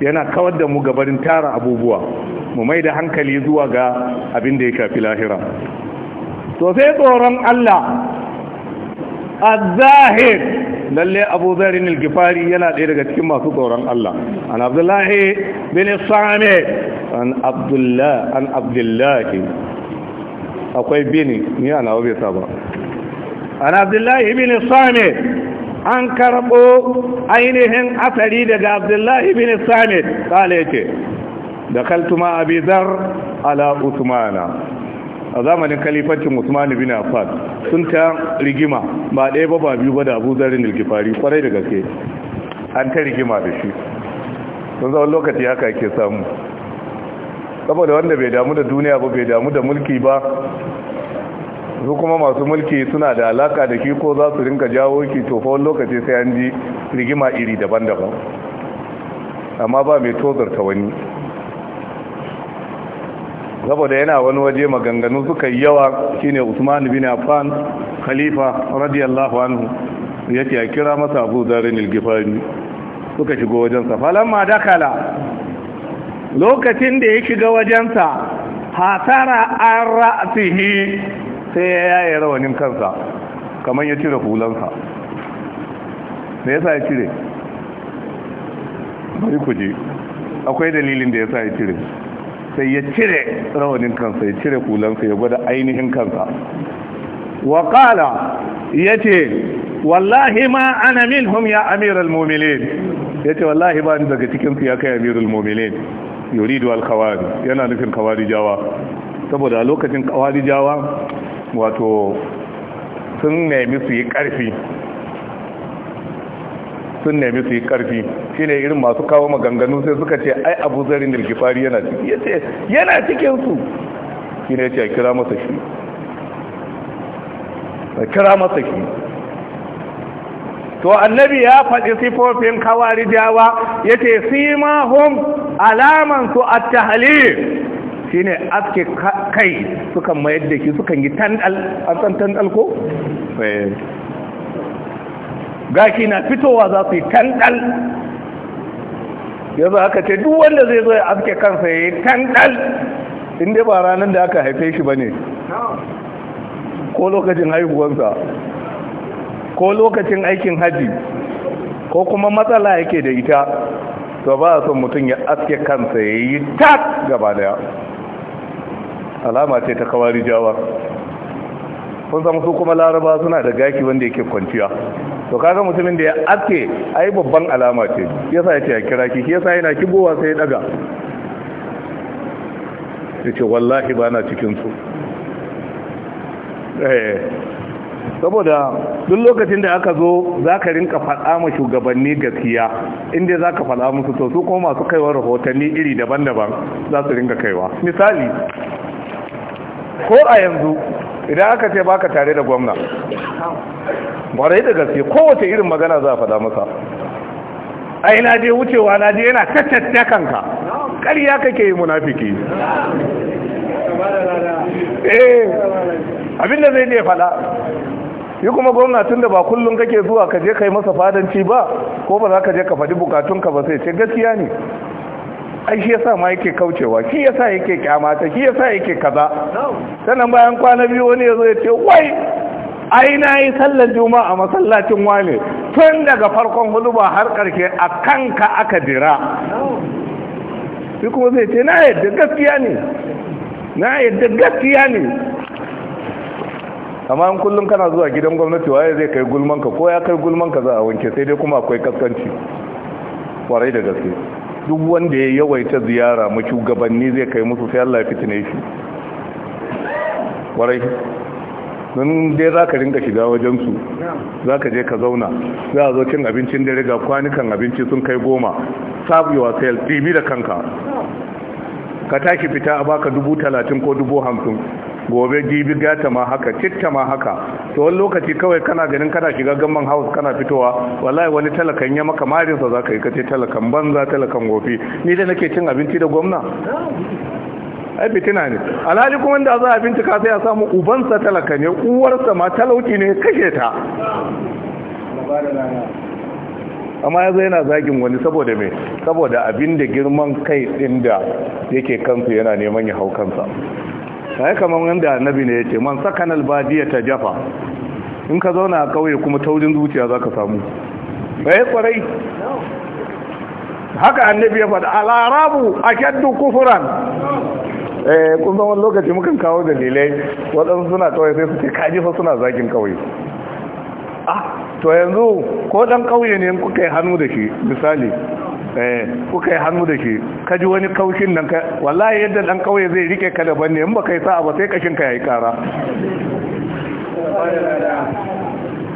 yana kawar da mu gabarin tara abubuwa mu mai da hankali zuwa ga abin da ya fi lahira to sai tsoron Allah az zahir lalle Abu al yana ɗaya daga cikin masu tsoron Allah an Abdullahi bin Sa'id an Abdullah an Abdullahi akwai bini ni ana nawa bai sa ba an abdullahi bin samit an karɓo ainihin asali daga abdullahi bin samit kala yake da kaltuma abizar ala usmana a zamanin kalifancin usman bin afad sun ta rigima ba ɗaya ba ba biyu ba da abu zarin ilgifari kwarai da gaske an ta rigima da shi sun zaun lokaci haka ke samu saboda wanda bai damu da duniya ba bai damu da mulki ba su kuma masu mulki suna da alaka da ki ko za su rinka jawo ki tofon lokaci sai an ji rigima iri daban-daban amma ba mai tozarta wani saboda yana wani waje maganganu suka yi yawa shine Usman bin Affan khalifa radiyallahu anhu yake ya kira masa Abu zarin al suka shigo wajensa, falon falamma dakala lokacin da ya shiga wajensa hasara an ra'asihi sai ya yaye rawanin kansa kamar ya cire hulansa da ya sa ya cire bari ku je akwai dalilin da ya sa ya cire sai ya cire rawanin kansa ya cire hulansa ya gwada ainihin kansa waƙala ya ce wallahi ma ana minhum ya amiral mominin ya ce wallahi ba ni daga cikinsu ya kai amiral mominin yuridu al-khawari yana nufin khawarijawa saboda lokacin lokacin khawarijawa wato sun nemi su yi karfi sun nemi su yi karfi shine irin masu kawo maganganu sai suka ce ai Abu Zarin al-Ghifari yana ciki yace yana cikin su shine yace kira masa shi kira masa shi to annabi ya faɗi sifofin kawarijawa yace simahun alaman su at Shi ne aske kai sukan mayar da shi sukan yi tandal an san tandal ko eh. gashi na fitowa za su yi tandal yanzu aka ce duk wanda zai zo ya aske kansa ya yi tandal inda ba ranar da aka haife shi ba ne ko lokacin haihuwansa ko lokacin aikin haji ko kuma matsala yake da ita to ba a son mutum ya aske kansa ya yi tak gaba daya alama ce ta kawari jawa kun samu su kuma laraba suna da gaki wanda yake kwanciya to kaga mutumin da ya aske ai babban alama ce yasa ya ya kira ki yasa yana kibowa sai ya daga ya ce wallahi ba na cikinsu eh. saboda duk lokacin da aka zo za ka rinka faɗa ma shugabanni gaskiya inda za ka faɗa musu to su kuma masu kaiwa rahotanni iri daban-daban za su rinka kaiwa misali ko a yanzu idan aka ce ba ka tare da gwamna gwarai da gaske kowace irin magana za a faɗa masa ai na je wucewa na je yana tattatta kanka ƙarya kake yi munafiki eh, abinda zai ne faɗa yi kuma gwamna tun da ba kullum kake zuwa ka je kai masa fadanci ba ko ba za ka je ka faɗi bukatunka ba sai ce gaskiya ne ai shi yasa ma yake kaucewa shi yasa yake kyamata shi yasa yake kaza sannan bayan kwana biyu wani ya zo ya ce wai ai na yi sallar juma'a a masallacin wane tun daga farkon hudu ba har karshe a kanka aka jira. shi kuma zai ce na yadda gaskiya ne na yadda gaskiya ne amma in kullum kana zuwa gidan gwamnati waye zai kai gulmanka ko ya kai gulmanka za a wanke sai dai kuma akwai kaskanci kwarai da gaske duk wanda ya yawaita ziyara mu shugabanni zai kai musu sai Allah ya fitine shi kwarai don dai za ka rinka shiga wajen su za ka je ka zauna za a zo cin abincin dare ga kwanukan abinci sun kai goma sabuwa sayar ɗibi da kanka ka tashi fita a baka dubu talatin ko dubu hamsin gobe jibi gata ma haka citta ma haka to wani lokaci kawai kana ganin kana shiga gamban house kana fitowa wallahi wani talakan ya maka marinsa za ka yi kace talakan banza talakan gofi ni da nake cin abinci da gwamna ai fitina ne alhali kuma da za a bincika sai a samu ubansa talaka ne uwarsa ma talauci ne kashe ta amma ya yana zagin wani saboda mai saboda abin da girman kai ɗin da yake kansu yana neman ya hau kansa ya kamar wanda annabi ne ya ce man sakan albadiya ta jafa in ka zauna a kauye kuma taurin zuciya za ka samu bai eh, kwarai haka annabi ya faɗa al'arabu a kyaddu kufuran eh, kun zama lokaci mukan kawo dalilai waɗansu suna kawai sai su ce kaji fa suna zagin kawai ah to yanzu ko ɗan ƙauye ne kuka yi hannu da shi misali Eh, kuka yi hannu da shi ka ji wani kaushin nan ka wallahi yadda dan kauye zai rike ka daban ne in ba kai sa'a ba sai kashin ka yayi kara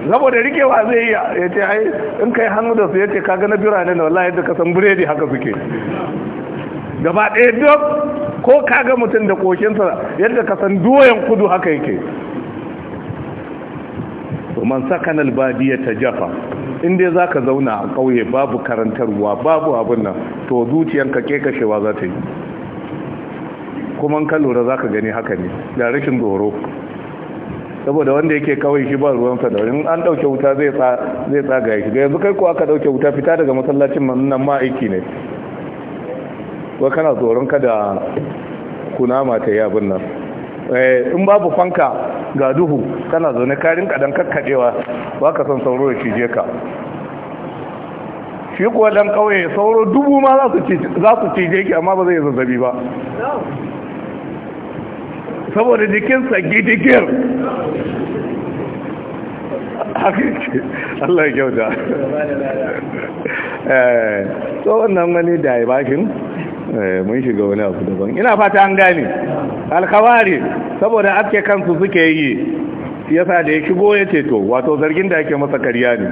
saboda rikewa zai yi ya ce ai in kai hannu da su ya ce ga na birane na wallahi yadda ka san buredi haka suke gaba ɗaya duk ko kaga mutum da kokinsa yadda ka san doyan kudu haka yake man sakan albadiya ta jafa in dai za ka zauna a ƙauye babu karantarwa babu abin nan to zuciyanka ke kashewa za ta yi kuma ka lura za ka gani haka ne da rashin doro saboda wanda yake kawai shi ba ruwansa da in an ɗauke wuta zai tsaga ya shiga yanzu kai ko aka ɗauke wuta fita daga masallacin nan ma aiki ne wa kana tsoron kada kunama ta yi abin nan Eh, in babu fanka ga duhu kana zaune karin kadan kakkadewa ba ka son sauro ya cije ka shi kuwa dan kauye sauro dubu ma za su cije ki amma ba zai zazzabi ba saboda jikinsa gidigir Allah ya kyauta. So eh, wannan wani da ya bakin Eh, mun shiga wani abu daban ina fata an gane alkhawari saboda ake kansu suke yi yasa da ya shigo ya ceto wato zargin da ake masa karya ne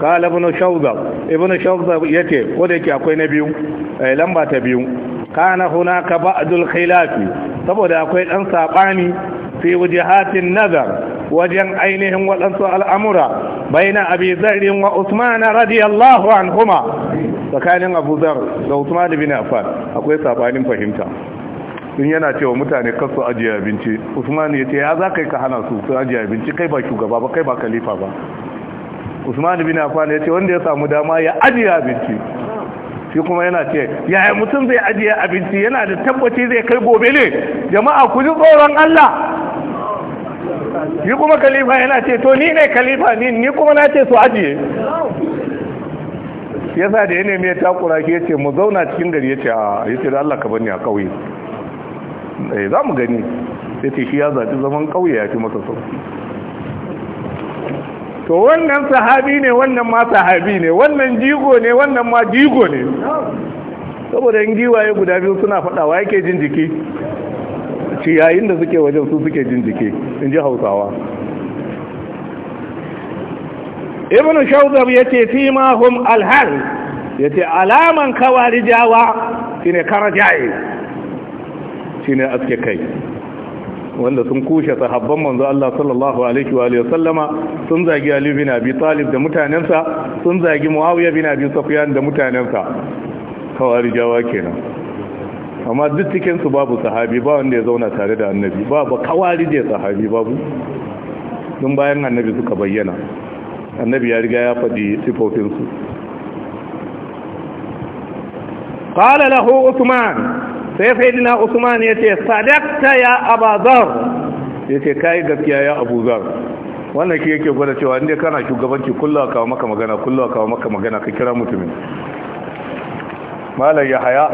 kala ibn shawza ibn shawza yace ko da yake akwai na biyu eh, lamba ta biyu kana hunaka ba'dul khilafi saboda akwai dan sabani fi wujihatin nazar wajen ainihin waɗansu al'amura baina abi zarrin wa usman radiyallahu anhuma tsakanin abu zar da usman bin Afan akwai sabanin fahimta in yana cewa mutane kasu ajiye abinci usman ya ce ya za kai ka hana su su ajiye abinci kai ba shugaba ba kai ba kalifa ba usman bin Afan ya ce wanda ya samu dama ya ajiye abinci shi kuma yana ce yaya mutum zai ajiye abinci yana da tabbaci zai kai gobe ne jama'a ku ji tsoron Allah shi kuma khalifa yana ce to ni ne khalifa ni ni kuma na ce su ajiye yasa da yanayi mai takura ke ce mu zauna cikin gari ya ce a ce da Allah ka bani a kauye eh, za mu gani ya ce shi ya zaci zaman kauye ya ci masa sauki to wannan sahabi ne wannan ma sahabi ne wannan jigo ne wannan ma jigo ne saboda yin giwaye guda biyu suna fadawa yake jin jiki ci yayin da suke wajen su suke jin jiki in ji hausawa ibn shawzab ya ce fi ma hum alhal ya ce alaman kawarijawa shi ne karajaye shi ne aske kai wanda sun kushe sahabban manzo Allah sallallahu alaihi wa alihi sallama sun zagi Ali bin Abi Talib da mutanensa sun zagi Muawiya bin Abi Sufyan da mutanensa jawa kenan amma duk cikin su babu sahabi ba wanda ya zauna tare da annabi babu kawari da sahabi babu dun bayan annabi suka bayyana annabi ya riga ya faɗi sifofinsu قال له عثمان sai sayyidina usman ya ce sadakta ya abazar ya ce kayi gaskiya ya abuzar wannan ke yake gwada cewa inda kana shugabanci kullum kawo maka magana kullum kawo maka magana ka kira mutumin malam yahaya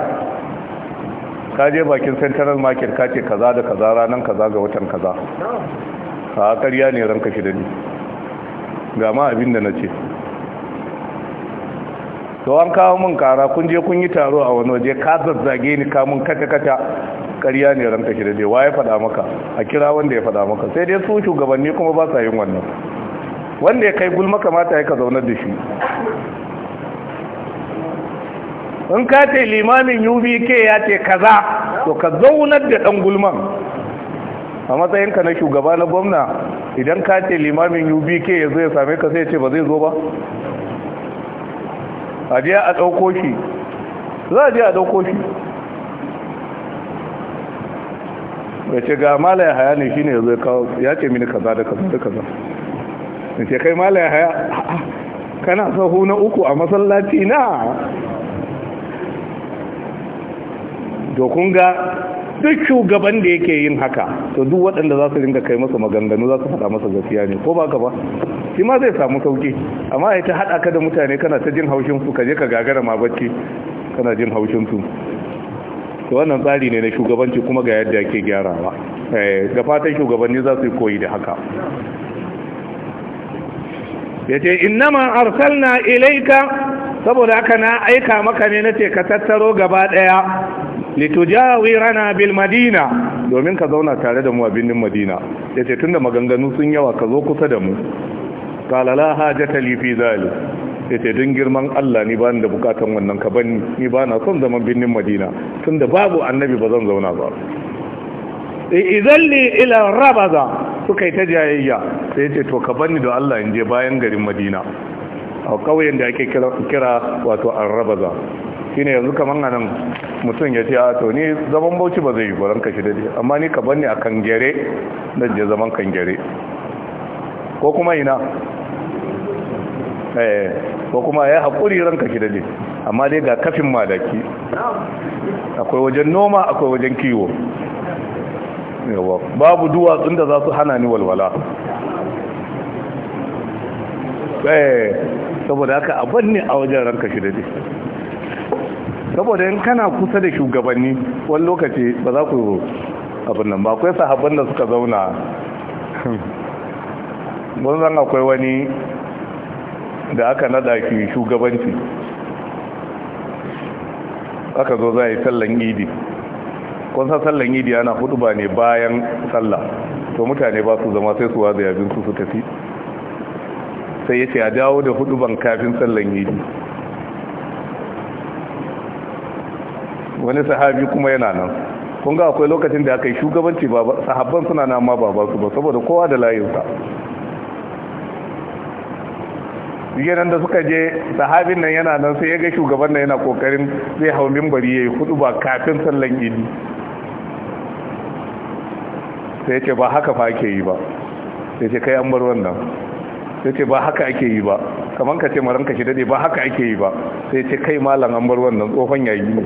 ka je bakin central market ka ce kaza da kaza ranar kaza ga watan kaza a karya ne ranka shi da ni ga ma abin da na ce to an kawo mun kara kun je kun yi taro a wani waje ka zazzage ni ka mun kata kata ƙarya ne ranka shi da dai waye faɗa maka a kira wanda ya faɗa maka sai dai su shugabanni kuma ba sa yin wannan wanda ya kai gulma kamata ya ka zaunar da shi in ka ce limamin ubk ya ce kaza to ka zaunar da ɗan gulman a matsayinka na shugaba na gwamna idan ka ce limamin ubk ya zo ya same ka sai ce ba zai zo ba a a ɗauko shi za a je a ɗauko shi da ce ga malaya haya ne shi ne zai kawo ya ce mini kaza da kaza da kaza da ce kai malaya haya kana sahu na uku a masallaci na dokun ga duk shugaban da yake yin haka to duk waɗanda za su dinga kai masa maganganu za su faɗa masa gaskiya ne ko ba ka ba shi ma zai samu sauki amma ya ta haɗa ka da mutane kana ta jin haushin su ka je ka gagara ma bacci kana jin haushin su to wannan tsari ne na shugabanci kuma ga yadda ake gyarawa ga eh, fatan shugabanni za su koyi da haka yace ce innama arsalna ilaika saboda haka na aika maka ne na ce ka tattaro gaba daya. litujawirana bil madina domin ka zauna tare da mu a birnin madina yace tunda maganganu sun yawa ka zo kusa da mu qala la hajata li fi zalik yace girman Allah ni ba da bukatan wannan ka bani ni ba na son zaman birnin madina tunda babu annabi ba zan zauna ba e, izalli ila rabaza suka yi ta jayayya sai yace to ka bani da Allah in je bayan garin madina a ƙauyen da ake kira wato shi shine yanzu kaman nan mutum ya ce a to ni zaman bauchi ba zai yi gwaron ranka da ji amma ni ka banni a kan gere dan je zaman kan gere ko kuma ina eh ko kuma ya haƙuri ranka da ji amma dai ga kafin malaki akwai wajen noma akwai wajen kiwo babu duwatsun da za su hana ni walwala eh, saboda haka abin ne a wajen ranka shi dade saboda in kana kusa da shugabanni wani lokaci ba za ku abin nan ba akwai sahabban da suka zauna mun zan akwai wani da aka nada shi shugabanci aka zo za a yi sallan idi kun san sallan idi ana hudu ba ne bayan sallah to mutane ba su zama sai su waza yabin su su tafi sai ya ce a dawo da hudu ban kafin sallan yi wani sahabi kuma yana nan kun ga akwai lokacin da aka yi shugabanci sahabban suna nan ma babansu ba saboda kowa da layinsa yanar da suka je sahabin nan yana nan sai ya ga shugaban nan yana kokarin zai hau mimbari ya yi hudu ba kafin sallan idi sai ce ba haka fa ke yi ba sai ce kai an bar wannan sai ce ba haka ake yi ba kamar ka ce maranka shi dade ba haka ake yi ba sai ce kai malam an bar wannan tsohon yayi ne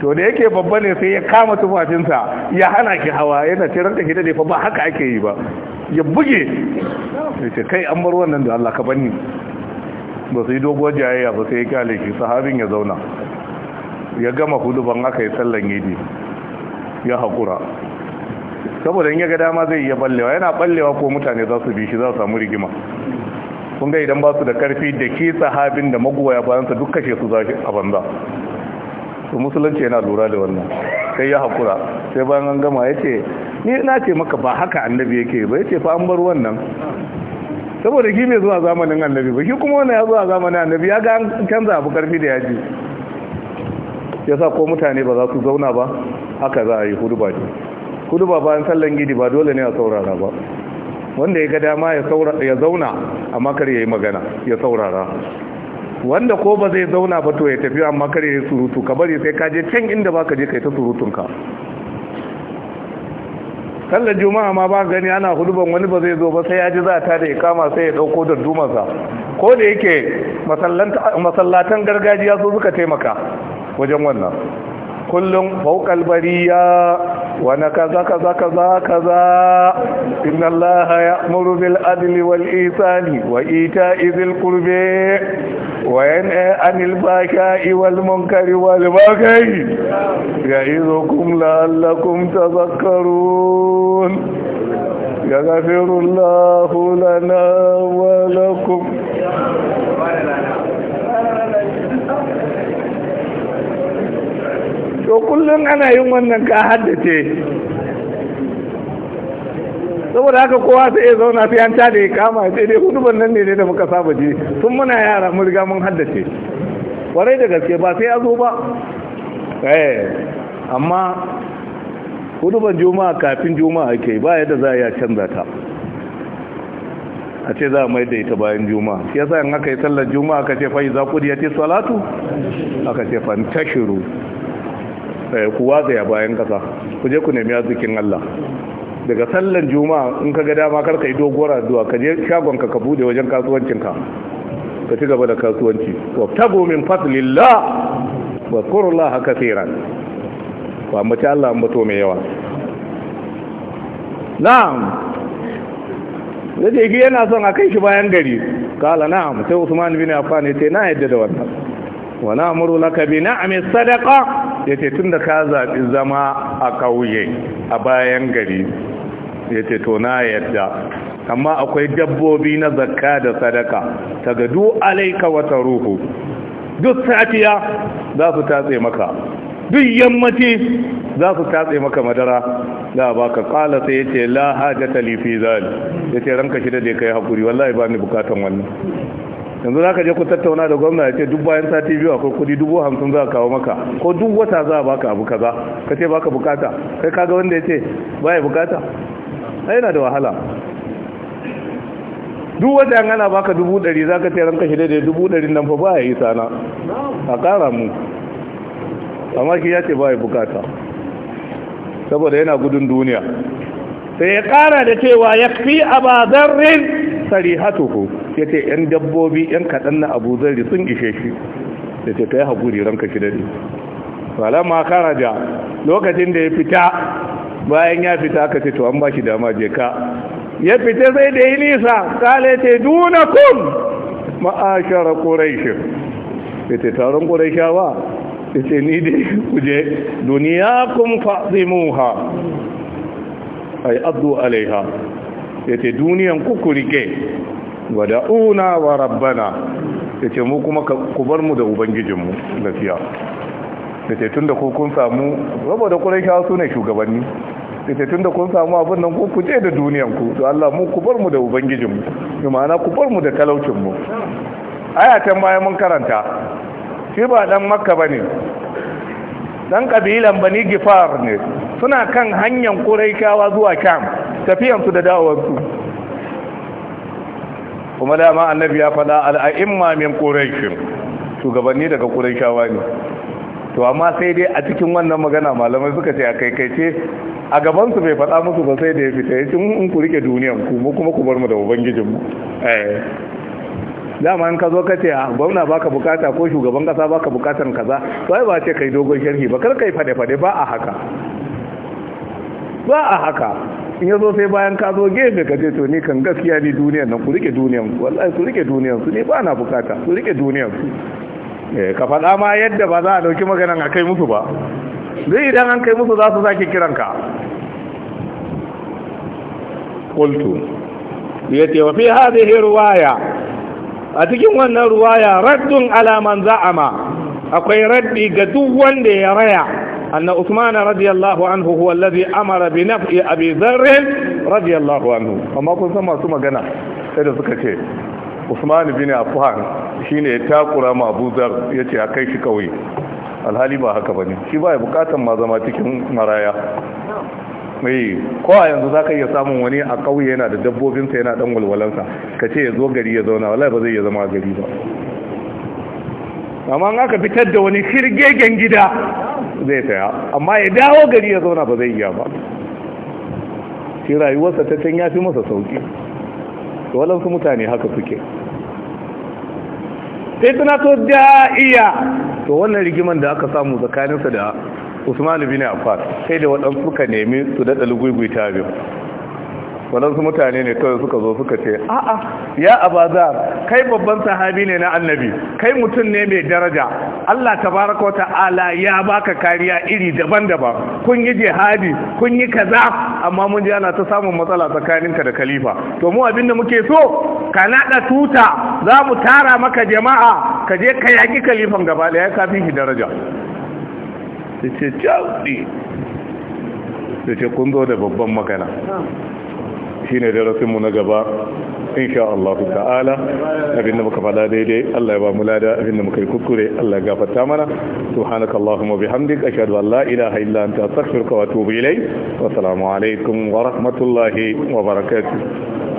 to da yake babba ne sai ya kama tufafinsa ya hana ki hawa yana ce ranka shi dade fa ba haka ake yi ba ya buge sai ce kai an bar wannan da Allah ka banni ba su yi doguwar jayayya ba sai ya kale ki sahabin ya zauna ya gama hudu ban aka yi sallan yidi ya haƙura saboda in yaga ga dama zai iya ballewa yana ballewa ko mutane za su bi shi za su samu rigima kun ga idan ba su da karfi da ke sahabin da magoya sa duk kashe su za a banza su musulunci yana lura da wannan sai ya haƙura sai bayan an gama ya ce ni na ce maka ba haka annabi yake ba ya ce fa an bar wannan saboda ki mai zuwa zamanin annabi ba ki kuma wani ya zuwa zamanin annabi ya ga an canza abu karfi da yaji sa ko mutane ba za su zauna ba haka za a yi hudu ba ce kudu ba bayan sallan gidi ba dole ne a saurara ba wanda ya ga dama ya zauna amma kar ya yi magana ya saurara wanda ko ba zai zauna ba to ya tafi amma kar ya yi surutu ka bari sai kaje je can inda ba ka je kai ta surutunka sallar juma'a ma ba gani ana huduban wani ba zai zo ba sai ya ji za da ya kama sai ya dauko da dumarsa ko da yake masallatan gargajiya su suka taimaka wajen wannan kullum fawqal bariya wa na kaza kaza kaza kaza inna allaha ya'muru bil adli wal ihsani wa ita'i dhil qurbi wa yanha 'anil fahsha'i wal munkari wal baghi ya'idukum la'allakum tadhakkarun يغفر الله لنا ولكم to kullum ana yin wannan ka haddace saboda haka kowa sai ya zauna sai an tada ya kama sai dai huduban nan ne da muka saba je sun muna yara mun riga mun haddace kwarai da gaske ba sai ya zo ba eh, amma huduban juma'a kafin juma'a ke ba yadda za a canza ta a ce za a da ita bayan juma'a yasa in aka yi sallar juma'a aka ce fa ya ce salatu aka ce fantashiru Eh, ku watsaya bayan kasa ku je ku nemi arzikin Allah daga sallan juma'a in ka ga dama kar ka yi doguwar zuwa, ka je shagon ka ka bude wajen kasuwancin ka ka ci gaba da kasuwanci wa tago min fadlillah wa qurullah kaseeran wa ambaci Allah ambato mai yawa na'am da je yana son a kai shi bayan gari kala na'am sai Usman bin Affan ya ce na yadda da wannan wa na laka bi ya ce yace tunda ka zaɓi zama a kauye a bayan gari yace to na yadda amma akwai dabbobi na zakka da sadaka du alaika wata ruhu. duk satiya za su tatse maka duk yammaci za su tatse maka madara Da ba baka kala sai yace la hajata li fi zal yace ranka shida da kai hakuri wallahi ba ni bukatan wannan yanzu za ka je ku tattauna da gwamna ya ce duk bayan sati biyu akwai kudi dubu hamsin za a kawo maka ko duk wata za a baka abu kaza ka ce baka bukata kai kaga wanda ya ce baya bukata ai na da wahala duk wata yan ana baka dubu ɗari za ka ce ranka shi daidai dubu ɗari nan fa ba ya yi sana a ƙara mu amma shi ya ce ba ya bukata saboda yana gudun duniya sai ya ƙara da cewa ya fi abazarrin sarihatuhu ya ce ‘yan dabbobi ‘yan kaɗan na abu zari sun ishe shi da ce ta yi haƙuri ranka shi daɗi falama karaja lokacin da ya fita bayan ya fita aka ce to ba shi dama je ka ya fita sai da yi nisa kala ce duna kun ma'ashara ƙuraishin ya ce taron ƙuraishawa ya ce ni dai kuje duniya kun faɗimuha a yi abdu alaiha ya ce duniyan kukurike wada'una wa rabbana ya ce mu kuma ku bar mu da ubangijinmu gaskiya da ce tun da ku kun samu saboda ƙuraishawa su ne shugabanni da ce tun da kun samu abin nan ku je da duniyanku to Allah mu ku bar mu da ubangijinmu bi ma'ana ku bar mu da talaucinmu ayatan bayan mun karanta shi ba dan makka bane dan kabilan bani gifar ne suna kan hanyar ƙuraishawa zuwa sham tafiyansu da dawowarsu kuma dama annabi ya faɗa al'a'imma min quraishin shugabanni daga quraishawa ne to amma sai dai a cikin wannan magana malamai suka ce a kaikaice a gabansu bai faɗa musu ba sai da ya fita ya ce in ku rike duniyan ku mu kuma ku bar mu da ubangijinmu mu eh dama in ka zo ka ce a gwamna baka bukata ko shugaban kasa baka bukatan kaza to ai ba ce kai dogon sharhi ba kar kai fade fade ba a haka ba a haka in ya zo sai bayan ka zo gefe ka ce to ni kan gaskiya ni duniyan nan ku rike duniyan ku wallahi ku rike duniyan su ni ba na bukata ku rike duniyan ku eh, ka faɗa ma yadda ba za a ɗauki maganan a kai musu ba dai idan an kai musu za su sake kiranka qultu yati wa fi hadhihi ruwaya a cikin wannan ruwaya raddun ala man za'ama akwai raddi ga duk wanda ya raya أن عثمان رضي الله عنه هو الذي أمر بنفع أبي ذر رضي الله عنه أما كنت سمع سمع جنا إذا سكتي عثمان بن أفهان حين يتاقر مع أبو ذر يتي أكيش قوي alhali ba haka bane shi ba ya bukatan mai kowa yanzu za ka iya samun wani a ƙauye yana da dabbobinsa yana ɗan walwalansa ka ce ya zo gari ya zauna wallahi ba zai iya zama gari ba amma aka fitar da wani shirgegen gida zai taya amma ya dawo gari ya zauna ba zai iya ba shi rayuwarsa ta can ya fi masa sauki waɗansu mutane haka suke sai suna so da iya to wannan rigiman da aka samu tsakaninsa da usman bin affan sai da waɗansu ka nemi su daɗa ta biyu waɗansu mutane ne kawai suka zo suka ce a'a ya abazar kai babban sahabi ne na annabi kai mutum ne mai daraja Allah tabaraka wa ta'ala ya baka kariya iri daban-daban kun yi jihadi kun yi kaza amma mun ji ana ta samun matsala tsakaninka da kalifa. to mu abinda muke so ka naɗa tuta za mu tara maka jama'a ka je ka yaki khalifan gaba ɗaya Ya kafin shi daraja ce ce kun zo da babban magana shine darasin mu na gaba insha Allah ta'ala abinda muka fada daidai Allah ya ba mu lada abinda muka yi kuskure Allah ya gafarta mana subhanakallahumma bihamdik ashhadu an la ilaha illa anta astaghfiruka wa atubu ilayk wa assalamu alaikum wa rahmatullahi wa barakatuh